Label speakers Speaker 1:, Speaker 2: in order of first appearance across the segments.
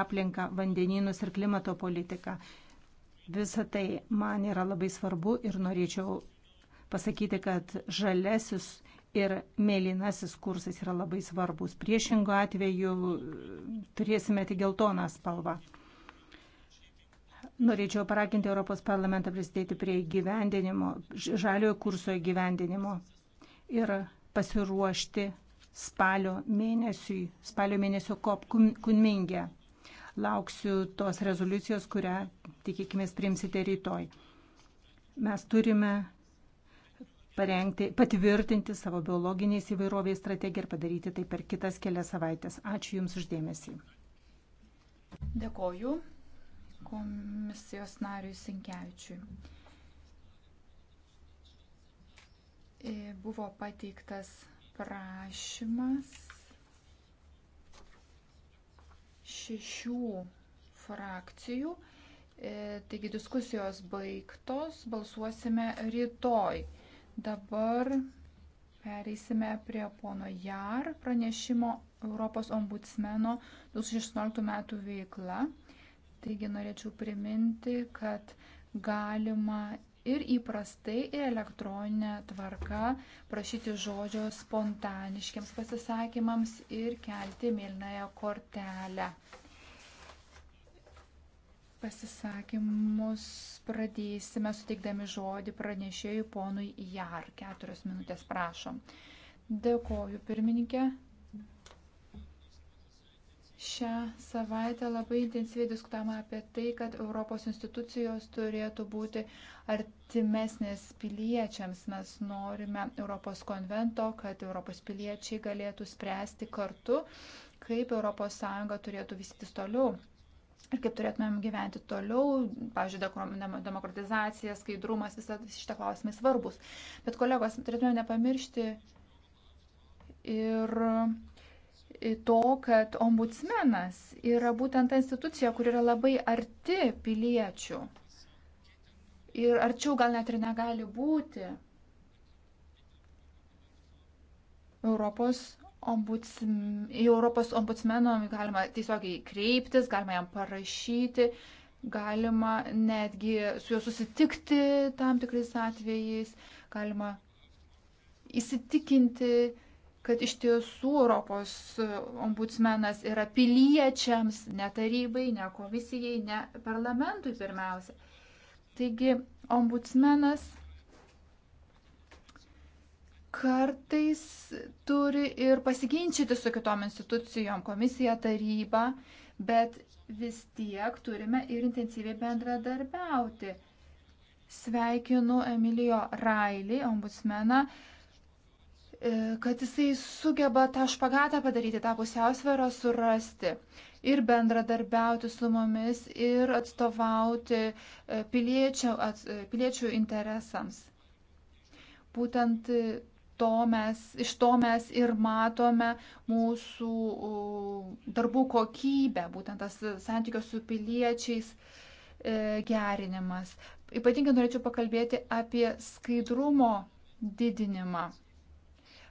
Speaker 1: aplinką, vandenynus ir klimato politiką. Visa tai man yra labai svarbu ir norėčiau pasakyti, kad žalesis ir mėlynasis kursas yra labai svarbus. Priešingo atveju turėsime tik geltoną spalvą. Norėčiau paraginti Europos parlamentą prisidėti prie įgyvendinimo, žaliojo kurso įgyvendinimo ir pasiruošti spalio mėnesiui, spalio mėnesio kop kunmingę. Kun Lauksiu tos rezoliucijos, kurią tikėkime priimsite rytoj. Mes turime parengti, patvirtinti savo biologiniais įvairoviais strategiją ir padaryti tai per kitas kelias savaitės. Ačiū Jums uždėmesį.
Speaker 2: Dėkoju komisijos nariui Sinkevičiui. E, buvo pateiktas prašymas šešių frakcijų. E, taigi diskusijos baigtos, balsuosime rytoj. Dabar pereisime prie pono JAR pranešimo Europos ombudsmeno 2016 metų veikla. Taigi norėčiau priminti, kad galima ir įprastai ir elektroninė tvarka prašyti žodžio spontaniškiams pasisakymams ir kelti mėlynąją kortelę. Pasisakymus pradėsime suteikdami žodį pranešėjui ponui JAR. Keturios minutės prašom. Dėkoju pirmininkė. Šią savaitę labai intensyviai diskutavome apie tai, kad Europos institucijos turėtų būti artimesnės piliečiams. Mes norime Europos konvento, kad Europos piliečiai galėtų spręsti kartu, kaip ES turėtų vystytis toliau. Ir kaip turėtumėm gyventi toliau, pavyzdžiui, demokratizacija, skaidrumas, visą šitą klausimai svarbus. Bet kolegos, turėtumėm nepamiršti ir to, kad ombudsmenas yra būtent ta institucija, kur yra labai arti piliečių. Ir arčiau gal net ir negali būti. Europos, ombudsm, Europos ombudsmeno galima tiesiogiai kreiptis, galima jam parašyti, galima netgi su juo susitikti tam tikrais atvejais, galima įsitikinti, kad iš tiesų Europos ombudsmenas yra piliečiams, ne tarybai, ne komisijai, ne parlamentui pirmiausia. Taigi ombudsmenas kartais turi ir pasiginčyti su kitom institucijom, komisija, taryba, bet vis tiek turime ir intensyviai bendradarbiauti. Sveikinu Emilio Railį, ombudsmeną, E, kad jisai sugeba tą špagatą padaryti, tą pusiausvėrą surasti ir bendradarbiauti su mumis ir atstovauti e, piliečių, ats, e, piliečių interesams. Būtent to mes, iš to mes ir matome mūsų darbų kokybę, būtent tas santykios su piliečiais gerinimas. Ypatingai norėčiau pakalbėti apie skaidrumo didinimą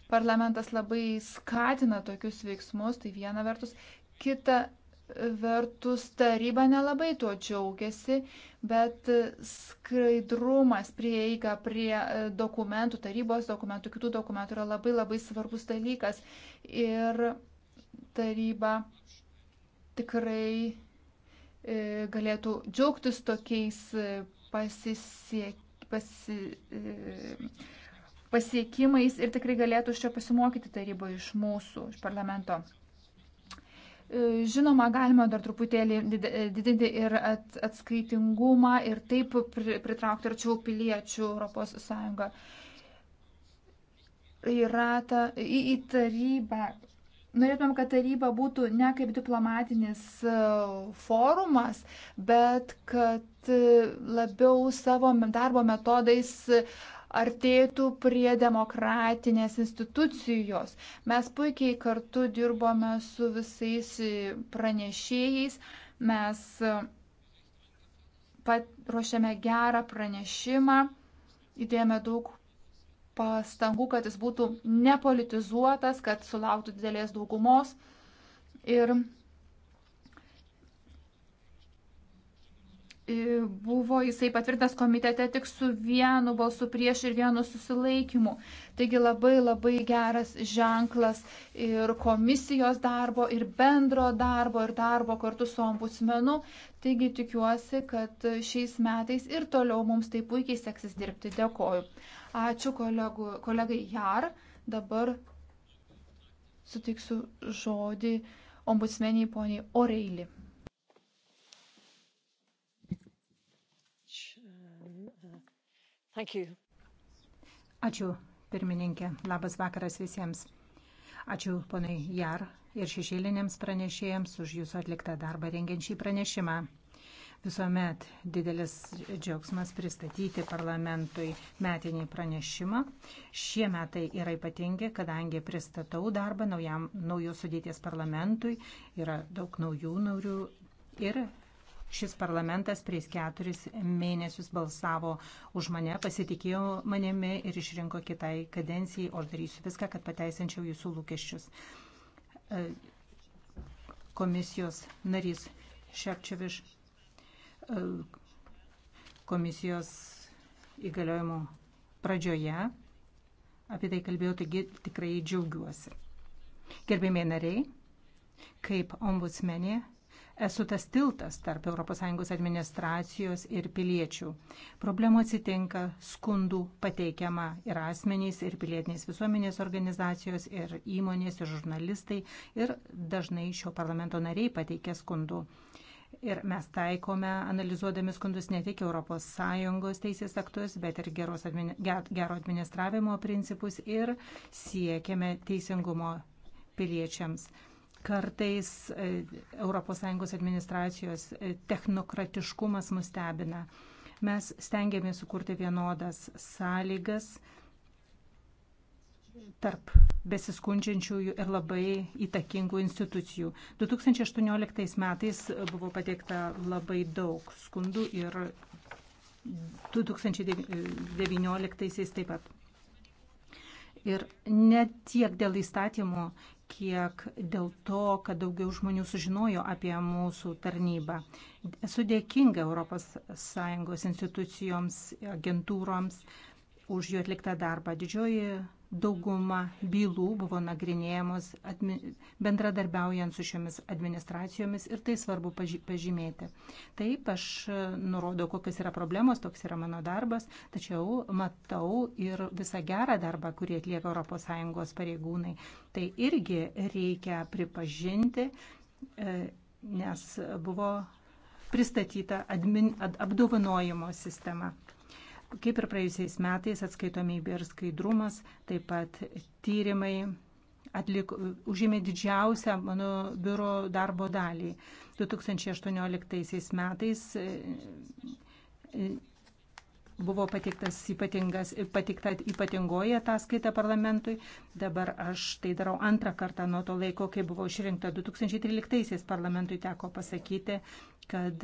Speaker 2: Parlamentas labai skatina tokius veiksmus, tai viena vertus. Kita vertus taryba nelabai tuo džiaugiasi, bet skaidrumas prieiga prie e, dokumentų, tarybos dokumentų, kitų dokumentų yra labai labai svarbus dalykas. Ir taryba tikrai e, galėtų džiaugtis tokiais e, pasisiek, pasi, pasiekimais ir tikrai galėtų iš čia pasimokyti taryboje iš mūsų, iš parlamento. E, žinoma, galima dar truputėlį didinti ir atskaitingumą ir taip pritraukti arčiau piliečių ES. Yra ta į, į tarybą. Norėtumėm, kad taryba būtų ne kaip diplomatinis e, forumas, bet kad e, labiau savo darbo metodais uh, artėtų prie demokratinės institucijos. Mes puikiai kartu dirbome su visais pranešėjais, mes e, pat ruošiame gerą pranešimą, įdėjome daug pastangų, kad jis būtų nepolitizuotas, kad sulauktų didelės daugumos. Ir buvo jisai patvirtas komitete tik su vienu balsu prieš ir vienu susilaikymu. Taigi labai labai geras ženklas ir komisijos darbo, ir bendro darbo, ir darbo kartu su ombudsmenu. Taigi tikiuosi, kad šiais metais ir toliau mums taip puikiai seksis dirbti. Dėkoju. Ačiū kolegu, kolegai Jar. Dabar sutiksiu žodį ombudsmeniai poniai Oreili.
Speaker 3: Ačiū,
Speaker 1: pirmininkė. Labas vakaras visiems. Ačiū ponai Jar ir šešėlinėms pranešėjams už jūsų atliktą darbą rengiant šį pranešimą. Visuomet didelis džiaugsmas pristatyti parlamentui metinį pranešimą. Šie metai yra ypatingi, kadangi pristatau darbą naujam, naujos sudėties parlamentui, yra daug naujų narių ir šis parlamentas prieš keturis mėnesius balsavo už mane, pasitikėjo manimi ir išrinko kitai kadencijai, o aš darysiu viską, kad pateisinčiau jūsų lūkesčius. E, komisijos narys Šepčioviš, e, komisijos įgaliojimo pradžioje apie tai kalbėjau, taigi tikrai džiaugiuosi. Gerbėmiai nariai, kaip ombudsmenė esu tas tiltas tarp ES administracijos ir piliečių. Problemų atsitinka, skundų pateikiama ir asmenys, ir pilietinės visuomenės organizacijos, ir įmonės, ir žurnalistai, ir dažnai šio parlamento nariai pateikia skundų. Ir mes taikome, analizuodami skundus ne tik ES teisės aktus, bet ir geros, gero administravimo principus ir siekiame teisingumo piliečiams. Kartais ES administracijos e, technokratiškumas nustebina. Mes stengiamės sukurti vienodas sąlygas tarp besiskundžiančiųjų ir labai įtakingų institucijų. 2018 metais buvo pateikta labai daug skundų ir 2019 taip pat. Ir ne tiek dėl įstatymo, kiek dėl to, kad daugiau žmonių sužinojo apie mūsų tarnybą. Esu dėkinga ES institucijoms, agentūroms už jų atliktą darbą. Didžioji dauguma bylų buvo nagrinėjamos bendradarbiaujant su šiomis administracijomis ir tai svarbu pažymėti. Taip, aš nurodau, kokios yra problemos, toks yra mano darbas, tačiau matau ir visą gerą darbą, kurį atlieka ES pareigūnai. Tai irgi reikia pripažinti, e, nes buvo pristatyta admin, ad, apdovanojimo sistema. Kaip ir praėjusiais metais atskaitomybė ir skaidrumas, taip pat tyrimai atlik, užėmė didžiausią mano biuro darbo dalį. 2018 metais e, e, buvo pateiktas ypatingas, pateikta ypatingoji ataskaita parlamentui. Dabar aš tai darau antrą kartą nuo to laiko, kai buvau išrinkta 2013-aisiais parlamentui teko pasakyti, kad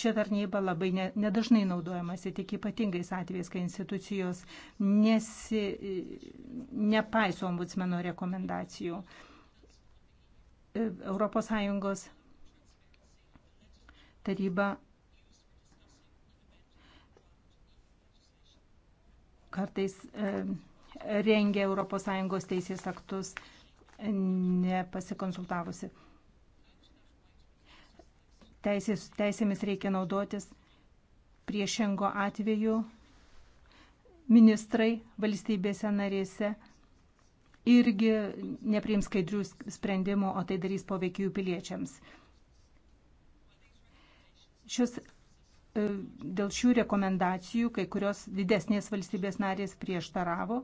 Speaker 1: šią tarnybą labai ne, nedažnai naudojamasi, tik ypatingais atvejais, kai institucijos nesi, nepaiso ombudsmeno rekomendacijų. ES taryba kartais e, rengia ES teisės aktus nepasikonsultavusi teisės, teisėmis reikia naudotis. Priešingo atveju ministrai valstybėse narėse irgi nepriims skaidrių sprendimų, o tai darys poveikį jų piliečiams. Šios, e, dėl šių rekomendacijų kai kurios didesnės valstybės narės prieštaravo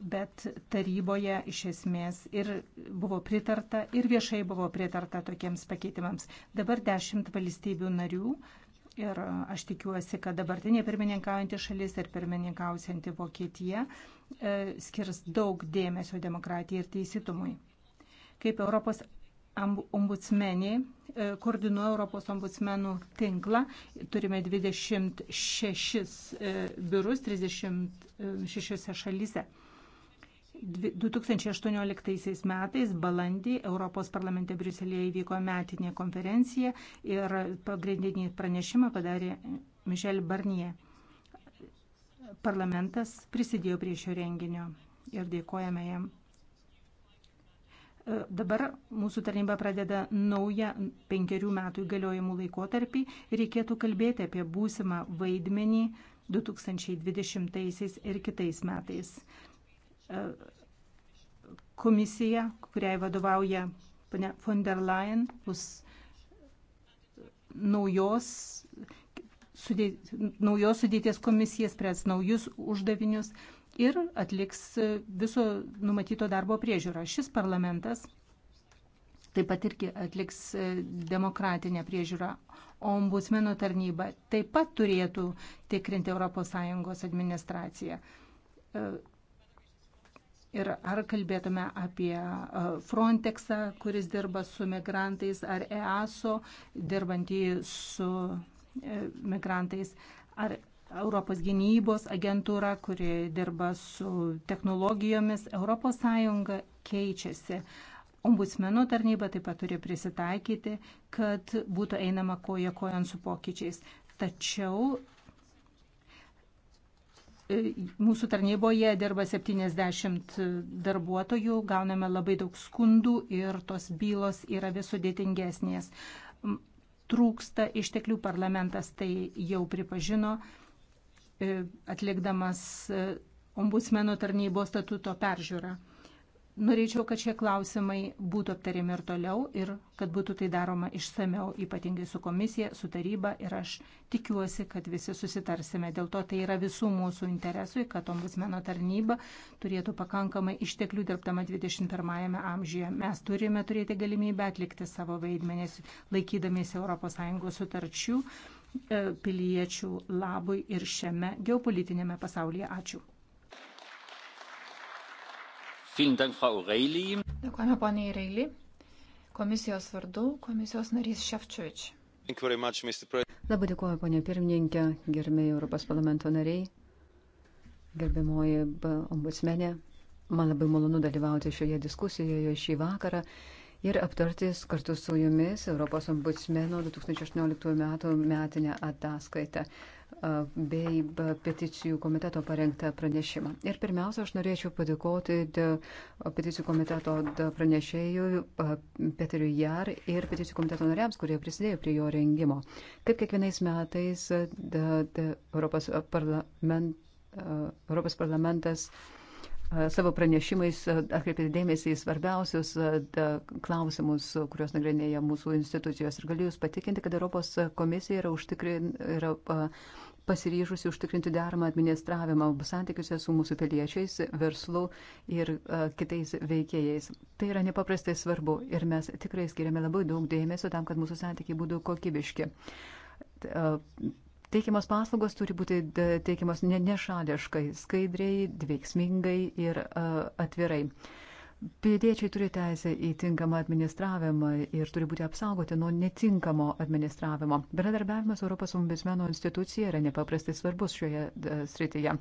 Speaker 1: bet taryboje iš esmės ir buvo pritarta, ir viešai buvo pritarta tokiems pakeitimams. Dabar dešimt valstybių narių ir aš tikiuosi, kad dabartinė pirmininkaujanti šalis ir pirmininkausianti Vokietija e, skirs daug dėmesio demokratijai ir teisėtumui. Kaip Europos ombudsmenė, e, koordinuoja Europos ombudsmenų tinklą. Turime 26 e, biurus 36 e, šalyse. 2018 metais balandį Europos parlamente Briuselėje įvyko metinė konferencija ir pagrindinį pranešimą padarė Mišel Barnie. Parlamentas prisidėjo prie šio renginio ir dėkojame jam. E, dabar mūsų tarnyba pradeda naują penkerių metų įgaliojimų laikotarpį ir reikėtų kalbėti apie būsimą vaidmenį 2020 ir kitais metais komisija, kuriai vadovauja ponia von der Leyen, bus naujos, sudė, naujos sudėties komisija, spręs naujus uždavinius ir atliks viso numatyto darbo priežiūrą. Šis parlamentas taip pat irgi atliks demokratinę priežiūrą. Ombudsmeno tarnyba taip pat turėtų tikrinti ES administraciją Ir ar kalbėtume apie e, Frontexą, kuris dirba su migrantais, ar EASO, dirbantį su e, migrantais, ar Europos gynybos agentūra, kuri dirba su technologijomis, ES keičiasi. Ombudsmenų tarnyba taip pat turi prisitaikyti, kad būtų einama koja kojant su pokyčiais. Tačiau Mūsų tarnyboje dirba 70 darbuotojų, gauname labai daug skundų ir tos bylos yra vis sudėtingesnės. Trūksta išteklių, parlamentas tai jau pripažino, e, atlikdamas e, ombudsmeno tarnybos statuto peržiūrą. Norėčiau, kad šie klausimai būtų aptariami ir toliau ir kad būtų tai daroma išsameu, ypatingai su komisija, su taryba ir aš tikiuosi, kad visi susitarsime. Dėl to tai yra visų mūsų interesui, kad ombudsmeno tarnyba turėtų pakankamai išteklių dirbtama 21-ame amžiuje. Mes turime turėti galimybę atlikti savo vaidmenės, laikydamiesi ES sutarčių e, piliečių labui ir šiame geopolitinėme
Speaker 2: pasaulyje. Ačiū. Dėkojame
Speaker 3: poniai Reilį. Komisijos vardu komisijos narys Šefčiovič. Labai dėkuoju, ponė pirmininkė, gerbėjai Europos parlamento nariai, gerbiamoji ombudsmenė. Man labai malonu dalyvauti šioje diskusijoje šį vakarą ir aptarti kartu su jumis Europos ombudsmeno 2018 m. metinę ataskaitą bei peticijų komiteto parengtą pranešimą. Ir pirmiausia, aš norėčiau padėkoti peticijų komiteto pranešėjui Peteriu Jar ir peticijų komiteto nariams, kurie prisidėjo prie jo rengimo. Kaip kiekvienais metais da, da, Europos, parla, men, Europos parlamentas E, savo pranešimais e, atkreipėte dėmesį į svarbiausius e, klausimus, kuriuos nagrinėja mūsų institucijos. Ir galiu Jūs patikinti, kad Europos komisija yra, užtikrin, yra pasiryžusi užtikrinti deramą administravimą santykiuose su mūsų piliečiais, verslu ir kitais veikėjais. Tai yra nepaprastai svarbu ir mes tikrai skiriame labai daug dėmesio tam, kad mūsų santykiai būtų kokybiški Teikiamas paslaugos turi būti e, teikiamas nešališkai, skaidriai, veiksmingai ir e, atvirai. Piliečiai turi teisę į tinkamą administravimą ir turi būti apsaugoti nuo netinkamo administravimo. Bendradarbiavimas Europos ombudsmeno institucija yra nepaprastai svarbus šioje e, srityje.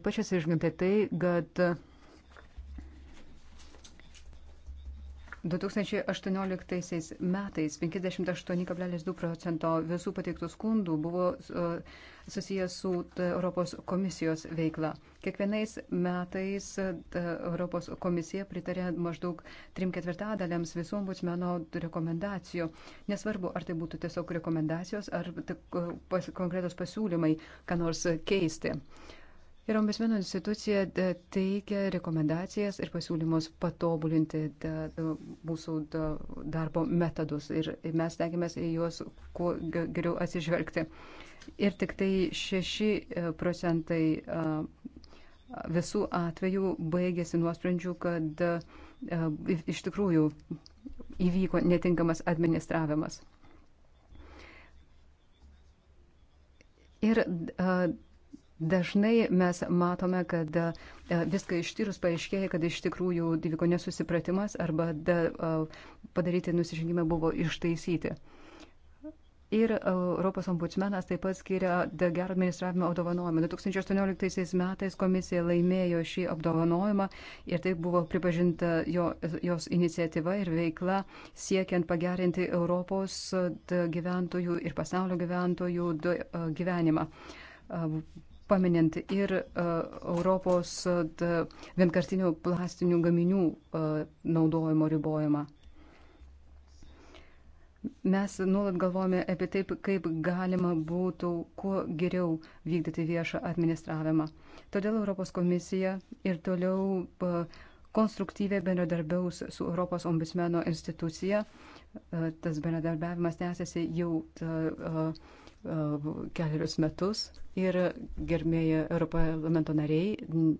Speaker 3: Ypač atsižvelgiant į tai, kad 2018 metais 58,2 procento visų pateiktų skundų buvo e, susijęs su e, Europos komisijos veikla. Kiekvienais metais e, Europos komisija pritarė maždaug trim ketvirtadaliams visų ombudsmeno rekomendacijų. Nesvarbu, ar tai būtų tiesiog rekomendacijos, ar pas, konkretos pasiūlymai, ką nors keisti. Ir ombudsmeno institucija e, teikia rekomendacijas ir pasiūlymus patobulinti da, e, da, e, mūsų da, darbo metodus ir mes tengiamės į juos kuo geriau atsižvelgti. Ir tik tai 6 procentai visų atvejų baigėsi nuosprendžių, kad iš tikrųjų įvyko netinkamas administravimas. Ir Dažnai mes matome, kad e, viską ištyrus paaiškėja, kad iš tikrųjų įvyko nesusipratimas arba da, e, padaryti nusižengimą buvo ištaisyti. Ir e, Europos ombudsmenas taip pat skiria gerą administravimo apdovanojimą. 2018 metais komisija laimėjo šį apdovanojimą ir tai buvo pripažinta jo, jos iniciatyva ir veikla siekiant pagerinti Europos gyventojų ir pasaulio gyventojų gyvenimą paminint ir uh, Europos uh, vienkartinių plastinių gaminių uh, naudojimo ribojimą. Mes nuolat galvojame apie taip, kaip galima būtų kuo geriau vykdyti viešą administravimą. Todėl Europos komisija ir toliau e, konstruktyviai bendradarbiaus su Europos ombudsmeno institucija. Tas bendradarbiavimas tęsiasi jau. Ta, uh, keliarius metus ir gerbėjai Europarlamento nariai,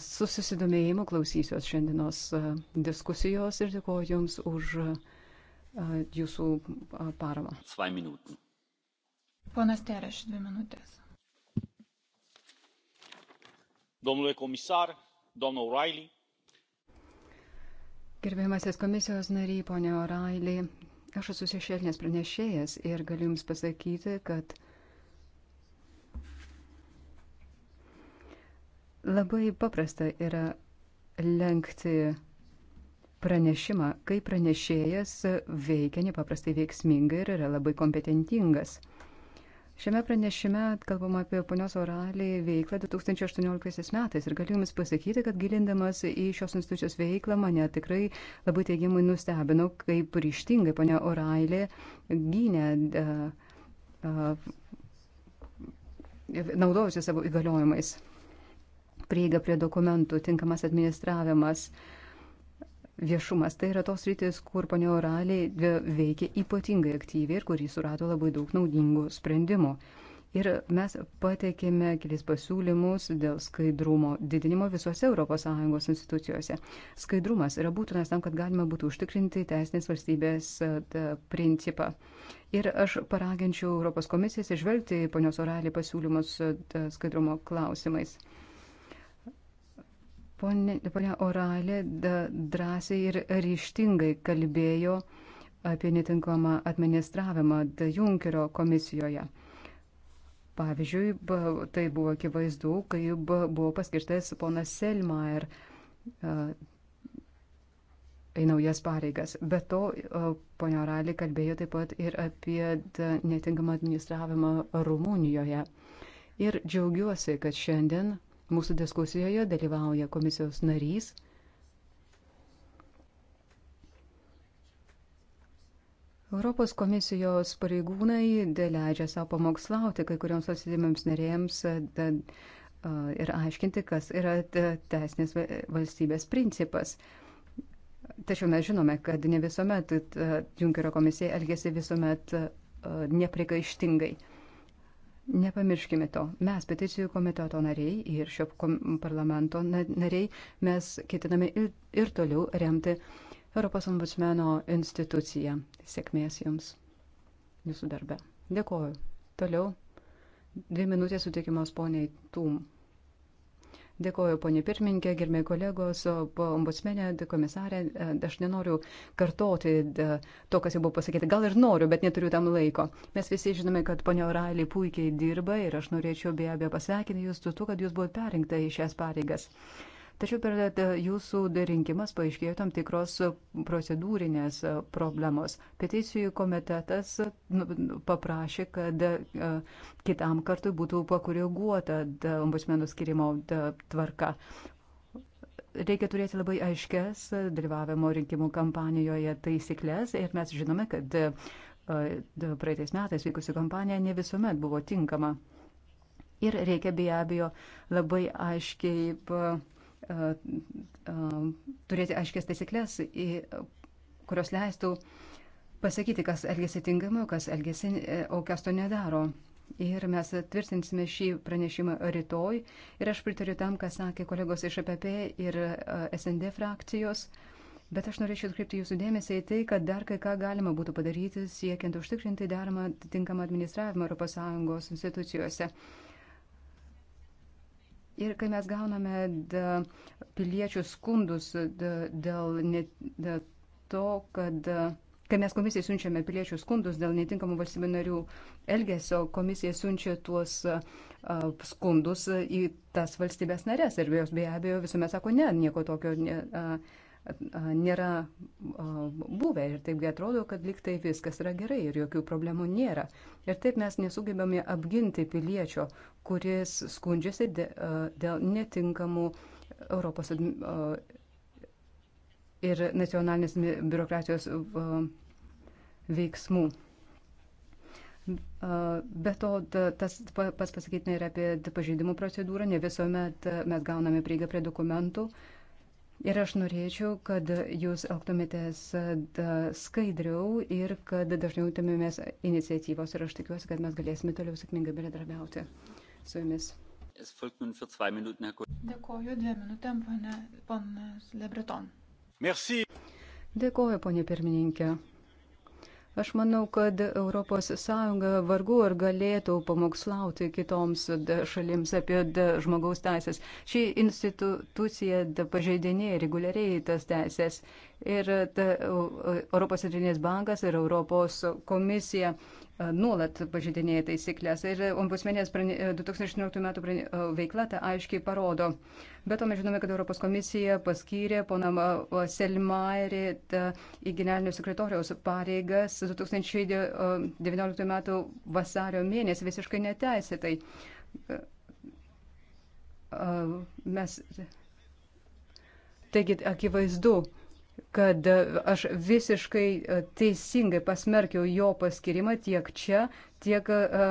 Speaker 3: su susidomėjimu klausysiuos šiandienos diskusijos ir dėkoju Jums už Jūsų paramą.
Speaker 2: Ponas Tereš, dvi minutės. Domnule komisar, domnul O'Reilly.
Speaker 3: Gerbiamasis komisijos nariai, ponia O'Reilly, Aš esu šešėlinės pranešėjas ir galiu Jums pasakyti, kad labai paprasta yra lenkti pranešimą, kai pranešėjas veikia nepaprastai veiksmingai ir yra labai kompetentingas. Šiame pranešime kalbama apie ponios oralį veiklą 2018 metais ir galiu Jums pasakyti, kad gilindamas į šios institucijos veiklą mane tikrai labai teigiamai nustebino, kaip ryštingai ponia oralį gynė, naudojusi savo įgaliojimais. Prieiga prie dokumentų, tinkamas administravimas. A, viešumas. Tai yra tos rytis, kur ponia Oraliai veikia ypatingai aktyviai ir kurį surado labai daug naudingų sprendimų. Ir mes pateikėme kelis pasiūlymus dėl skaidrumo didinimo visose ES institucijose. Skaidrumas yra būtinas tam, kad galima būtų užtikrinti teisinės valstybės e, principą. Ir aš paraginčiau Europos komisijas išvelgti ponios oralį pasiūlymus e, skaidrumo klausimais. Pone, ponia Oralė drąsiai ir ryštingai kalbėjo apie netinkamą administravimą Junkerio komisijoje. Pavyzdžiui, tai buvo akivaizdu, kai buvo paskirtas ponas Selmayer į naujas pareigas. Be to, ponia Oralė kalbėjo taip pat ir apie netinkamą administravimą Rumunijoje. Ir džiaugiuosi, kad šiandien Mūsų diskusijoje dalyvauja komisijos narys. Europos komisijos pareigūnai leidžia savo pamokslauti kai kurioms valstybėms narėms ir aiškinti, kas yra teisinės valstybės principas. Tačiau mes žinome, kad ne visuomet Junkerio komisija elgėsi visuomet neprikaištingai. Nepamirškime to. Mes, peticijų komiteto nariai ir šio parlamento nariai, mes ketiname ir, ir toliau remti Europos ombudsmeno instituciją. Sėkmės jums jūsų darbe. Dėkoju. Toliau dvi minutės sutikimos poniai Tum. Dėkoju, ponė pirmininkė, gerbėjai kolegos, ombudsmenė, komisarė. E, aš nenoriu kartoti to, kas jau buvo pasakyta. Gal ir noriu, bet neturiu tam laiko. Mes visi žinome, kad ponė Orailį puikiai dirba ir aš norėčiau be abejo pasveikinti jūs su to, kad jūs buvote perinkta į šias pareigas. Tačiau per e, e, jūsų rinkimas paaiškėjo tam tikros e, procedūrinės problemos. Peticijų komitetas nu, nu, paprašė, kad kitam kartui būtų pakoreguota ombudsmenų skirimo tvarka. Reikia turėti labai aiškes dalyvavimo rinkimų kampanijoje taisyklės ir mes žinome, kad praeitais metais vykusi kampanija ne visuomet buvo tinkama. Ir reikia be abejo labai aiškiai turėti aiškės taisyklės, kurios leistų pasakyti, kas elgesi tinkamai, kas elgesi, e, o kas to nedaro. Ir mes tvirtinsime šį pranešimą rytoj. Ir aš pritariu tam, ką sakė kolegos iš APP ir SND frakcijos. Bet aš norėčiau atkreipti jūsų dėmesį į tai, kad dar kai ką galima būtų padaryti, siekiant užtikrinti deramą tinkamą administravimą ES institucijose. Ir kai mes gauname piliečių skundus dėl ne, dėl to, kad Kai mes komisijai siunčiame piliečių skundus dėl netinkamų valstybių narių elgesio, komisija siunčia tuos uh, skundus į tas valstybės narės ir jos be abejo visuomet sako, ne, nieko tokio ne, uh, nėra buvę ir taipgi atrodo, kad liktai viskas yra gerai ir jokių problemų nėra. Ir taip mes nesugebame apginti piliečio, kuris skundžiasi dėl netinkamų Europos ir nacionalinės biurokratijos veiksmų. Be to, tas pats pasakytina ir apie pažeidimų procedūrą, ne visuomet mes gauname prieigą prie dokumentų, uh, Ir aš norėčiau, kad jūs elgtumėtės e, skaidriau ir kad dažniau tumėmės iniciatyvos. Ir aš tikiuosi, kad mes galėsime toliau sėkmingai bendradarbiauti su jumis.
Speaker 2: Dėkoju
Speaker 3: dviem minutėm, ponas Lebreton. Merci. Dėkoju, ponė pirmininkė. Aš manau, kad ES vargu ar galėtų pamokslauti kitoms šalims apie žmogaus teisės. Ši institucija pažeidinėja reguliariai tas teisės ir ta, Europos centrinės bankas ir Europos komisija e, nuolat pažydinėja taisyklės. Ir ombudsmenės 2018 e, metų e, veikla tą aiškiai parodo. Bet to mes žinome, kad Europos komisija paskyrė ponam Selmairį į generalinio sekretoriaus pareigas 2019 metų vasario mėnesį visiškai neteisėtai. Mes. Taigi, akivaizdu, kad e, aš visiškai e, teisingai pasmerkiau jo paskirimą tiek čia, tiek e,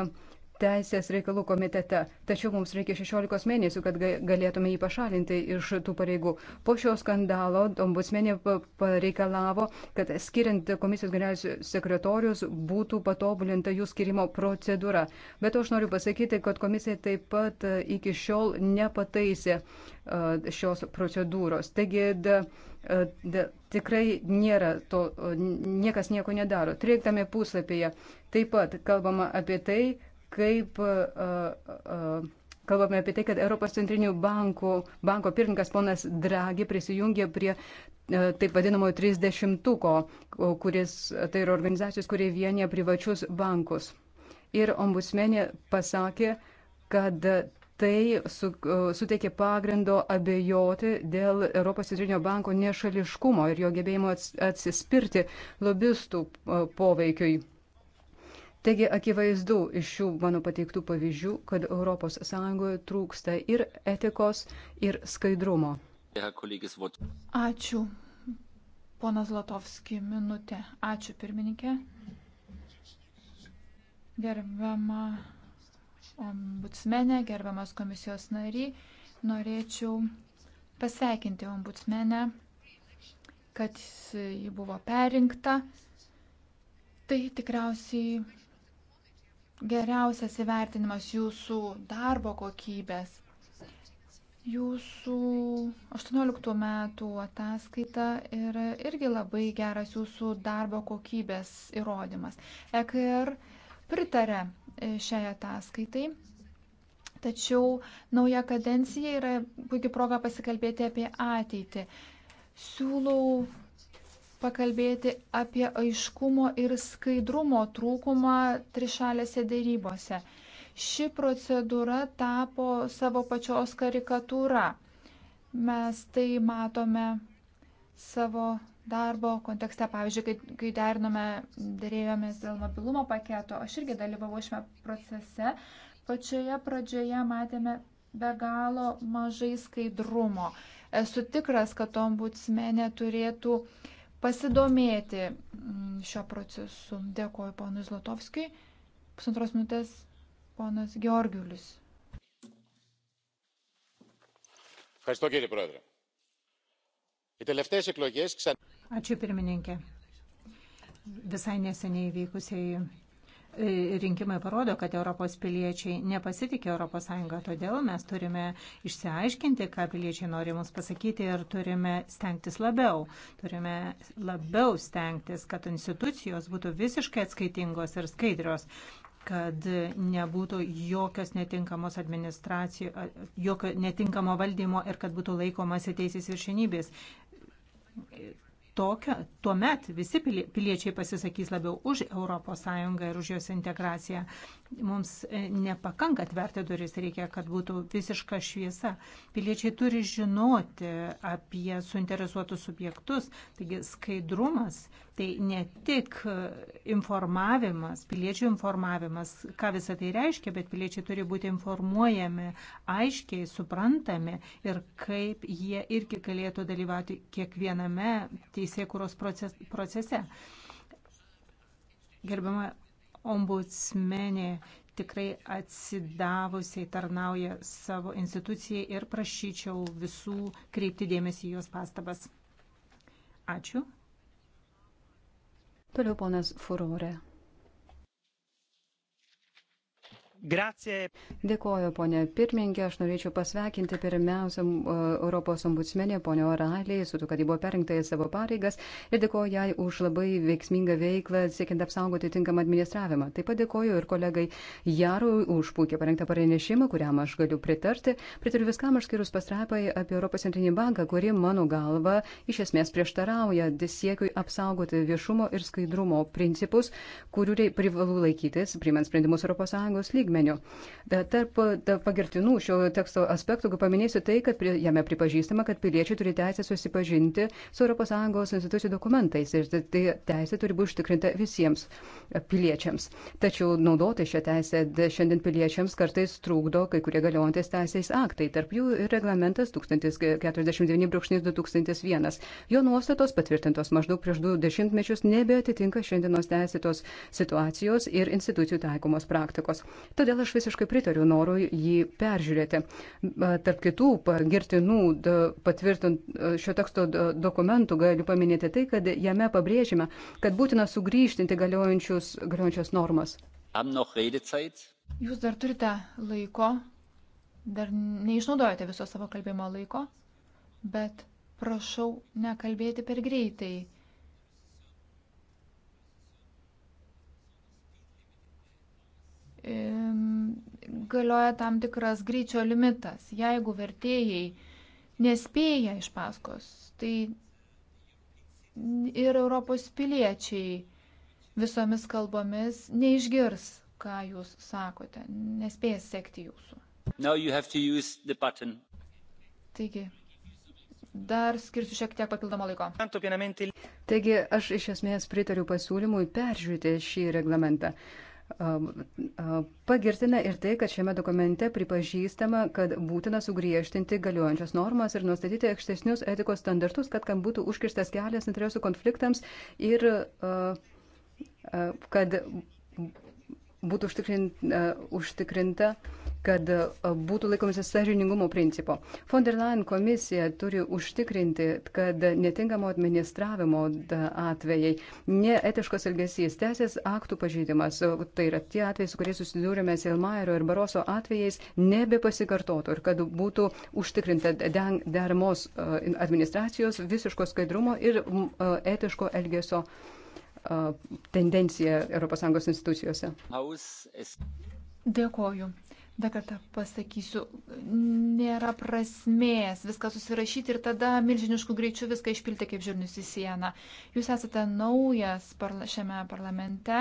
Speaker 3: Teisės reikalų komitete. Tačiau mums reikia 16 mėnesių, kad galėtume jį pašalinti iš tų pareigų. Po šio skandalo ombudsmenė pareikalavo, kad skiriant komisijos generalinis sekretorius būtų patobulinta jų skirimo procedūra. Bet aš noriu pasakyti, kad komisija taip pat iki šiol nepataisė šios procedūros. Taigi, da, da, tikrai nėra to, niekas nieko nedaro. 13 puslapyje taip pat kalbama apie tai, kaip. Uh, uh, Kalbame apie tai, kad Europos centrinių bankų, banko pirmininkas ponas Dragi prisijungė prie uh, taip vadinamojo 30-tuko, kuris tai yra organizacijos, kurie vienyje privačius bankus. Ir ombudsmenė pasakė, kad tai su, e, suteikė pagrindo abejoti dėl Europos Centrinio banko nešališkumo ir jo gebėjimo atsispirti lobistų e, poveikiui. Taigi akivaizdu iš šių mano pateiktų pavyzdžių, kad ES trūksta ir etikos, ir skaidrumo. Ačiū.
Speaker 2: Ponas Latovski, minutė. Ačiū pirmininkė. Gerbiama ombudsmenė, gerbiamas komisijos nary, norėčiau pasveikinti ombudsmenę, kad ji buvo perinkta. Tai tikriausiai geriausias įvertinimas jūsų darbo kokybės. Jūsų 18 metų ataskaita yra irgi labai geras jūsų darbo kokybės įrodymas. EKR pritarė E, šiai ataskaitai. Tačiau nauja kadencija yra puikia proga pasikalbėti apie ateitį. Siūlau pakalbėti apie aiškumo ir skaidrumo trūkumą trišalėse dėrybose. Ši procedūra tapo savo pačios karikatūra. Mes tai matome savo darbo kontekste, pavyzdžiui, kai, kai derinome, dėrėjomės dėl mobilumo paketo, aš irgi dalyvavau šiame procese, pačioje pradžioje matėme be galo mažai skaidrumo. Esu tikras, kad ombudsmenė turėtų pasidomėti mm, šio procesu. Dėkoju ponui Zlotovskijui. Pusantros minutės ponas Georgiulis.
Speaker 3: Ačiū, kėlė, pradėjau. Ačiū
Speaker 1: pirmininkė. Visai neseniai vykusiai e, rinkimai parodo, kad Europos piliečiai nepasitikė ES, todėl mes turime išsiaiškinti, ką piliečiai nori mums pasakyti ir turime stengtis labiau. Turime labiau stengtis, kad institucijos būtų visiškai atskaitingos ir skaidrios kad nebūtų jokios netinkamos administracijos, jokio netinkamo valdymo ir kad būtų laikomasi teisės viršinybės. Tokio, tuomet visi piliečiai pasisakys labiau už ES ir už jos integraciją. Mums e, nepakanka atverti duris, reikia, kad būtų visiška šviesa. Piliečiai turi žinoti apie suinteresuotus subjektus. Taigi skaidrumas tai ne tik informavimas, piliečių informavimas, ką visą tai reiškia, bet piliečiai turi būti informuojami, aiškiai suprantami ir kaip jie irgi galėtų dalyvauti kiekviename teisėkuros procese. Gerbiama ombudsmenė tikrai atsidavusiai tarnauja savo institucijai ir prašyčiau visų kreipti dėmesį į jos pastabas.
Speaker 3: Ačiū. Toliau ponas Furore.
Speaker 1: Grazie.
Speaker 3: Dėkoju, ponė pirmininkė. Aš norėčiau pasveikinti pirmiausia Europos ombudsmenė, ponė Oralį, su to, kad ji buvo perinkta į savo pareigas ir dėkoju jai už labai veiksmingą veiklą, siekiant apsaugoti tinkamą administravimą. Taip pat dėkoju ir kolegai Jarui už puikiai parengtą pranešimą, kuriam aš galiu pritarti. Pritariu viskam, aš skirius pastraipai apie Europos centrinį banką, kuri, mano galva, iš esmės prieštarauja siekiui apsaugoti viešumo ir skaidrumo principus, kurių privalu laikytis, priimant sprendimus ES lygmenį lygmeniu. Bet tarp pagirtinų šio teksto aspektų paminėsiu tai, kad jame pripažįstama, kad piliečiai turi teisę susipažinti su ES institucijų dokumentais ir tai, tai teisė turi būti užtikrinta visiems piliečiams. Tačiau naudoti šią teisę šiandien piliečiams kartais trūkdo kai kurie galiojantis teisės aktai, tarp jų ir reglamentas 1049-2001. Jo nuostatos patvirtintos maždaug prieš du dešimtmečius nebeatitinka šiandienos teisėtos situacijos ir institucijų taikomos praktikos. Tad Todėl aš visiškai pritariu norui jį peržiūrėti. Tarp kitų pagirtinų patvirtint šio teksto dokumentų galiu paminėti tai, kad jame pabrėžime, kad būtina sugrįžtinti galiojančias normas. Jūs
Speaker 2: dar turite laiko, dar neišnaudojate viso savo kalbėjimo laiko, bet prašau nekalbėti per greitai galioja tam tikras greičio limitas. Jeigu vertėjai nespėja iš paskos, tai ir Europos piliečiai visomis kalbomis neišgirs, ką jūs sakote, nespės sekti jūsų.
Speaker 3: Taigi, dar skirsiu šiek tiek papildomo laiko. Taigi, aš iš esmės pritariu pasiūlymui peržiūrėti šį reglamentą. Um, uh, pagirtina ir tai, kad šiame dokumente pripažįstama, kad būtina sugriežtinti galiojančias normas ir nustatyti aukštesnius etikos standartus, kad kam būtų užkirstas kelias interesų konfliktams ir uh, uh, kad būtų užtikrinta kad e, būtų laikomasi sąžiningumo principo. Von der Leyen komisija turi užtikrinti, kad netinkamo administravimo atvejai, neetiškos elgesys, teisės aktų pažydimas, tai yra tie atvejai, su kuriais susidūrėme Silmairio ir Baroso atvejais, nebepasikartotų ir kad būtų užtikrinta deramos e, administracijos, visiško skaidrumo ir e, etiško elgesio tendencija ES institucijose.
Speaker 2: Dėkoju. Dar kartą pasakysiu, nėra prasmės viską susirašyti ir tada milžiniškų greičių viską išpilti kaip žirnius į sieną. Jūs esate naujas parla šiame parlamente.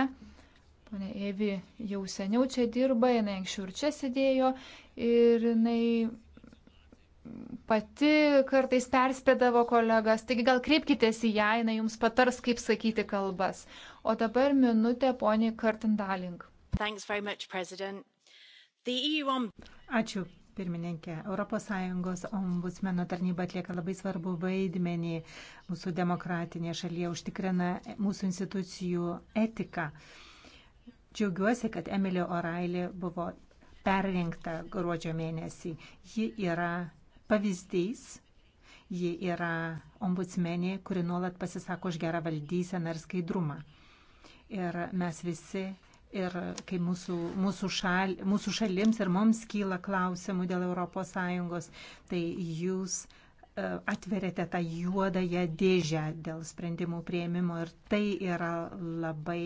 Speaker 2: Pone Evi jau seniau čia dirba, jinai anksčiau ir čia sėdėjo ir jinai pati kartais perspėdavo kolegas. Taigi gal kreipkitės į ją, jinai jums patars, kaip sakyti kalbas. O dabar minutė poniai Kartendalink.
Speaker 1: Thanks very much, President. E Ačiū. Pirmininkė, ES ombudsmeno tarnyba atlieka labai svarbu vaidmenį mūsų demokratinėje šalyje, užtikrina mūsų institucijų etiką. Džiaugiuosi, kad Emilio Orailė buvo perrinkta gruodžio mėnesį. Ji yra pavyzdys, ji yra ombudsmenė, kuri nuolat pasisako už gerą valdyseną ir skaidrumą. Ir mes visi Ir kai mūsų, mūsų, šal, mūsų šalims ir mums kyla klausimų dėl ES, tai jūs e, atverėte tą juodąją dėžę dėl sprendimų prieimimo ir tai yra labai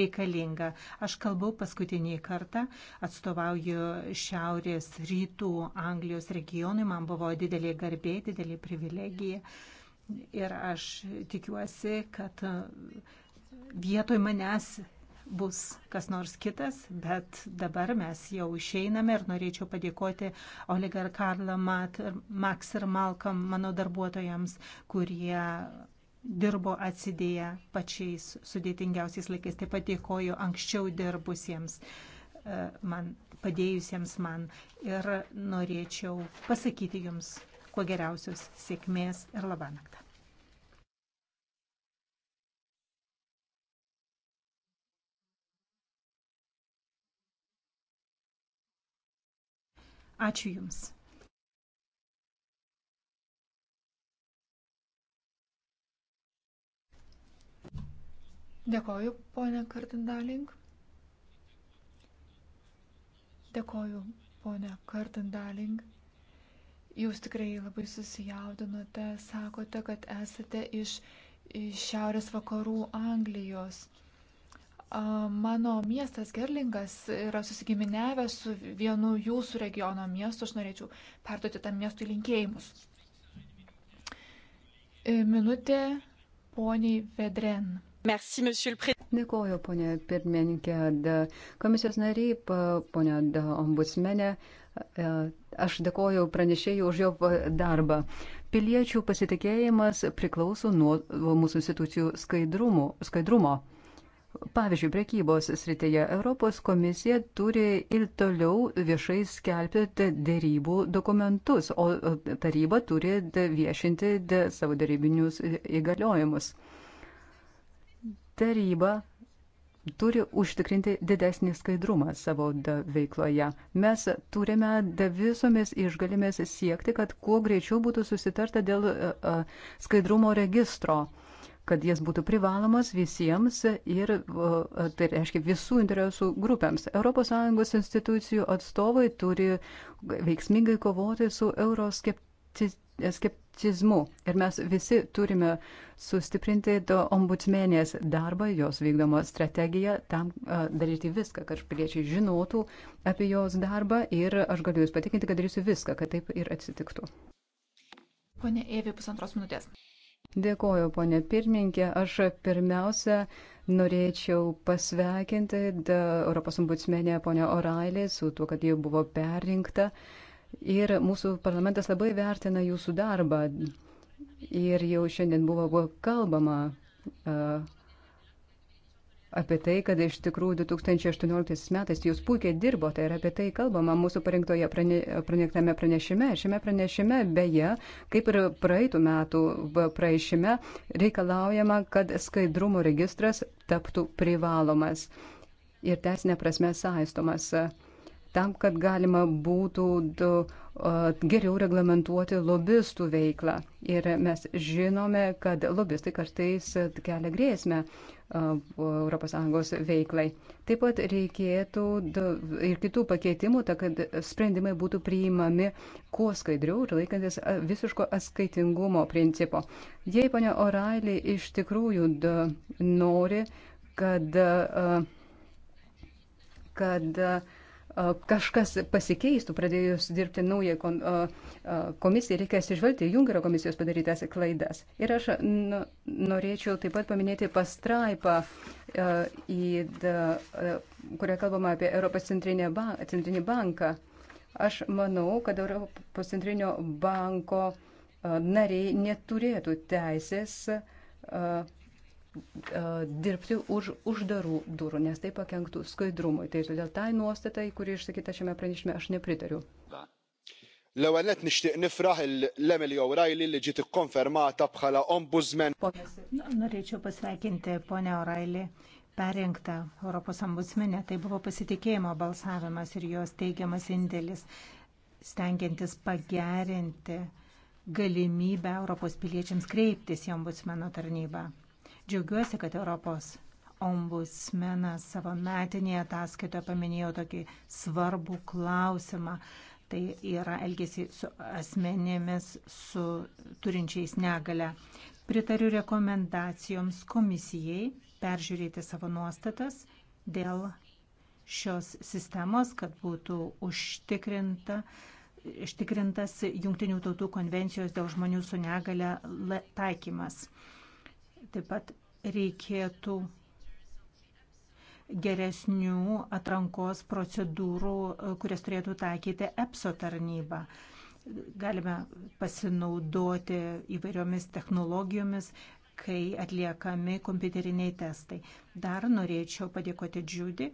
Speaker 1: reikalinga. Aš kalbu paskutinį kartą, atstovauju Šiaurės rytų Anglijos regionui, man buvo didelė garbė, didelė privilegija ir aš tikiuosi, kad vietoj manęs bus kas nors kitas, bet dabar mes jau išeiname ir norėčiau padėkoti Oligar Karla, Mat, Max ir Malcolm, mano darbuotojams, kurie dirbo atsidėję pačiais sudėtingiausiais laikais. Taip pat dėkoju anksčiau dirbusiems e, man padėjusiems man ir norėčiau pasakyti jums kuo geriausios sėkmės ir labą naktą. Ačiū Jums.
Speaker 2: Dėkoju, ponė Kartindalink. Dėkoju, ponė Kartindalink. Jūs tikrai labai susijaudinote, sakote, kad esate iš, iš šiaurės vakarų Anglijos. Mano miestas Gerlingas yra susigiminiavęs su vienu jūsų regiono miestu. Aš norėčiau perduoti tam miestui linkėjimus. E, minutė poniai Vedren.
Speaker 3: Merci, monsieur le président. Dėkoju, ponė pirmininkė, komisijos nariai, ponė ombudsmenė. E, aš dėkoju pranešėjai už jo darbą. Piliečių pasitikėjimas priklauso nuo mūsų institucijų skaidrumo. skaidrumo. Pavyzdžiui, prekybos srityje Europos komisija turi ir toliau viešai skelbti dėrybų dokumentus, o taryba turi viešinti savo dėrybinius įgaliojimus. Taryba turi užtikrinti didesnį skaidrumą savo veikloje. Mes turime visomis išgalimis siekti, kad kuo greičiau būtų susitarta dėl e, e, skaidrumo registro kad jis būtų privalomas visiems ir, tai reiškia, visų interesų grupėms. ES institucijų atstovai turi veiksmingai kovoti su euroskeptizmu. Ir mes visi turime sustiprinti ombudsmenės darbą, jos vykdomą strategiją, tam daryti viską, kad piliečiai žinotų apie jos darbą ir aš galiu jūs patikinti, kad darysiu viską, kad taip ir atsitiktų.
Speaker 2: Pone Evi, pusantros minutės.
Speaker 3: Dėkoju, ponė pirmininkė. Aš pirmiausia norėčiau pasveikinti Europos ombudsmenę ponę Orailį su tuo, kad jau buvo perrinkta. Ir mūsų parlamentas labai vertina jūsų darbą. Ir jau šiandien buvo kalbama uh, apie tai, kad iš tikrųjų 2018 metais jūs puikiai dirbote ir apie tai kalbama mūsų parinktoje prane, pranektame pranešime. Šiame pranešime, beje, kaip ir praeitų metų praešime, reikalaujama, kad skaidrumo registras taptų privalomas ir teisinė prasme saistomas tam, kad galima būtų geriau reglamentuoti lobistų veiklą. Ir mes žinome, kad lobistai kartais kelia grėsmę ES veiklai. Taip pat reikėtų ir kitų pakeitimų, ta, kad sprendimai būtų priimami kuo skaidriau ir laikantis visiško atskaitingumo principo. Jei ponia Orailė iš tikrųjų nori, kad, kad kažkas pasikeistų, pradėjus dirbti naują komisiją, reikės išvelgti Junkerio komisijos padarytas klaidas. Ir aš norėčiau taip pat paminėti pastraipą, į, kurią kalbama apie Europos centrinį, bank, centrinį banką. Aš manau, kad Europos centrinio banko nariai neturėtų teisės dirbti už uždarų durų, nes tai pakenktų skaidrumui. Tai todėl tai nuostatai, kuri išsakyta šiame pranešime, aš nepritariu. L-ewwel qed nixtieq nifraħ l-Emily O'Reilly li ġiet ikkonfermata bħala ombudsman.
Speaker 1: Norėčiau pasveikinti ponę O'Reilly perrinktą Europos ombudsmenę. Tai buvo pasitikėjimo balsavimas ir jos teigiamas indėlis stengiantis pagerinti galimybę Europos piliečiams kreiptis į ombudsmeno tarnybą. Džiaugiuosi, kad Europos ombudsmenas savo metinėje ataskaitoje paminėjo tokį svarbų klausimą. Tai yra elgesi su asmenėmis, su turinčiais negalę. Pritariu rekomendacijoms komisijai peržiūrėti savo nuostatas dėl šios sistemos, kad būtų užtikrinta, ištikrintas Junktinių tautų konvencijos dėl žmonių su negale taikymas. Taip pat reikėtų geresnių atrankos procedūrų, kurias turėtų taikyti EPSO tarnyba. Galime pasinaudoti įvairiomis technologijomis, kai atliekami kompiuteriniai testai. Dar norėčiau padėkoti Džiudi,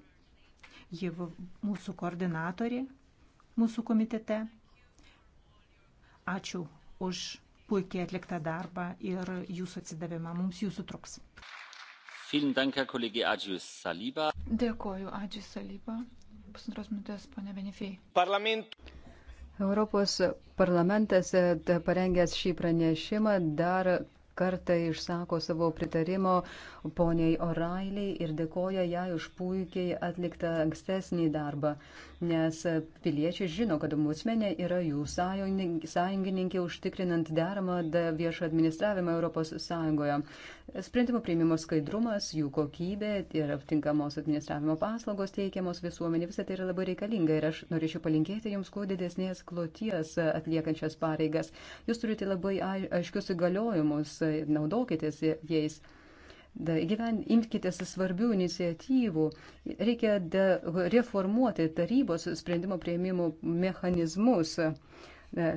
Speaker 1: ji mūsų koordinatorė mūsų komitete. Ačiū už puikiai atliktą darbą ir jūsų atsidavimą.
Speaker 2: Mums jūsų truks. Dėkoju, Adžiu Salyba. Pusantros minutės, ponė Benefei. Parlament.
Speaker 3: Europos parlamentas e, parengęs šį pranešimą dar kartą išsako savo pritarimo poniai Orailiai ir dėkoja jai už puikiai atliktą ankstesnį darbą, nes piliečiai žino, kad mūsmenė yra jų sąjungininkė užtikrinant deramą viešą administravimą ES. Sprendimo priimimo skaidrumas, jų kokybė ir aptinkamos administravimo paslaugos teikiamos visuomenė, visą tai yra labai reikalinga ir aš norėčiau palinkėti jums kuo didesnės kloties atliekančias pareigas. Jūs turite labai aiškius įgaliojimus, naudokitės jais da, gyven, imkite svarbių iniciatyvų, reikia da, reformuoti tarybos sprendimo prieimimo mechanizmus. Da,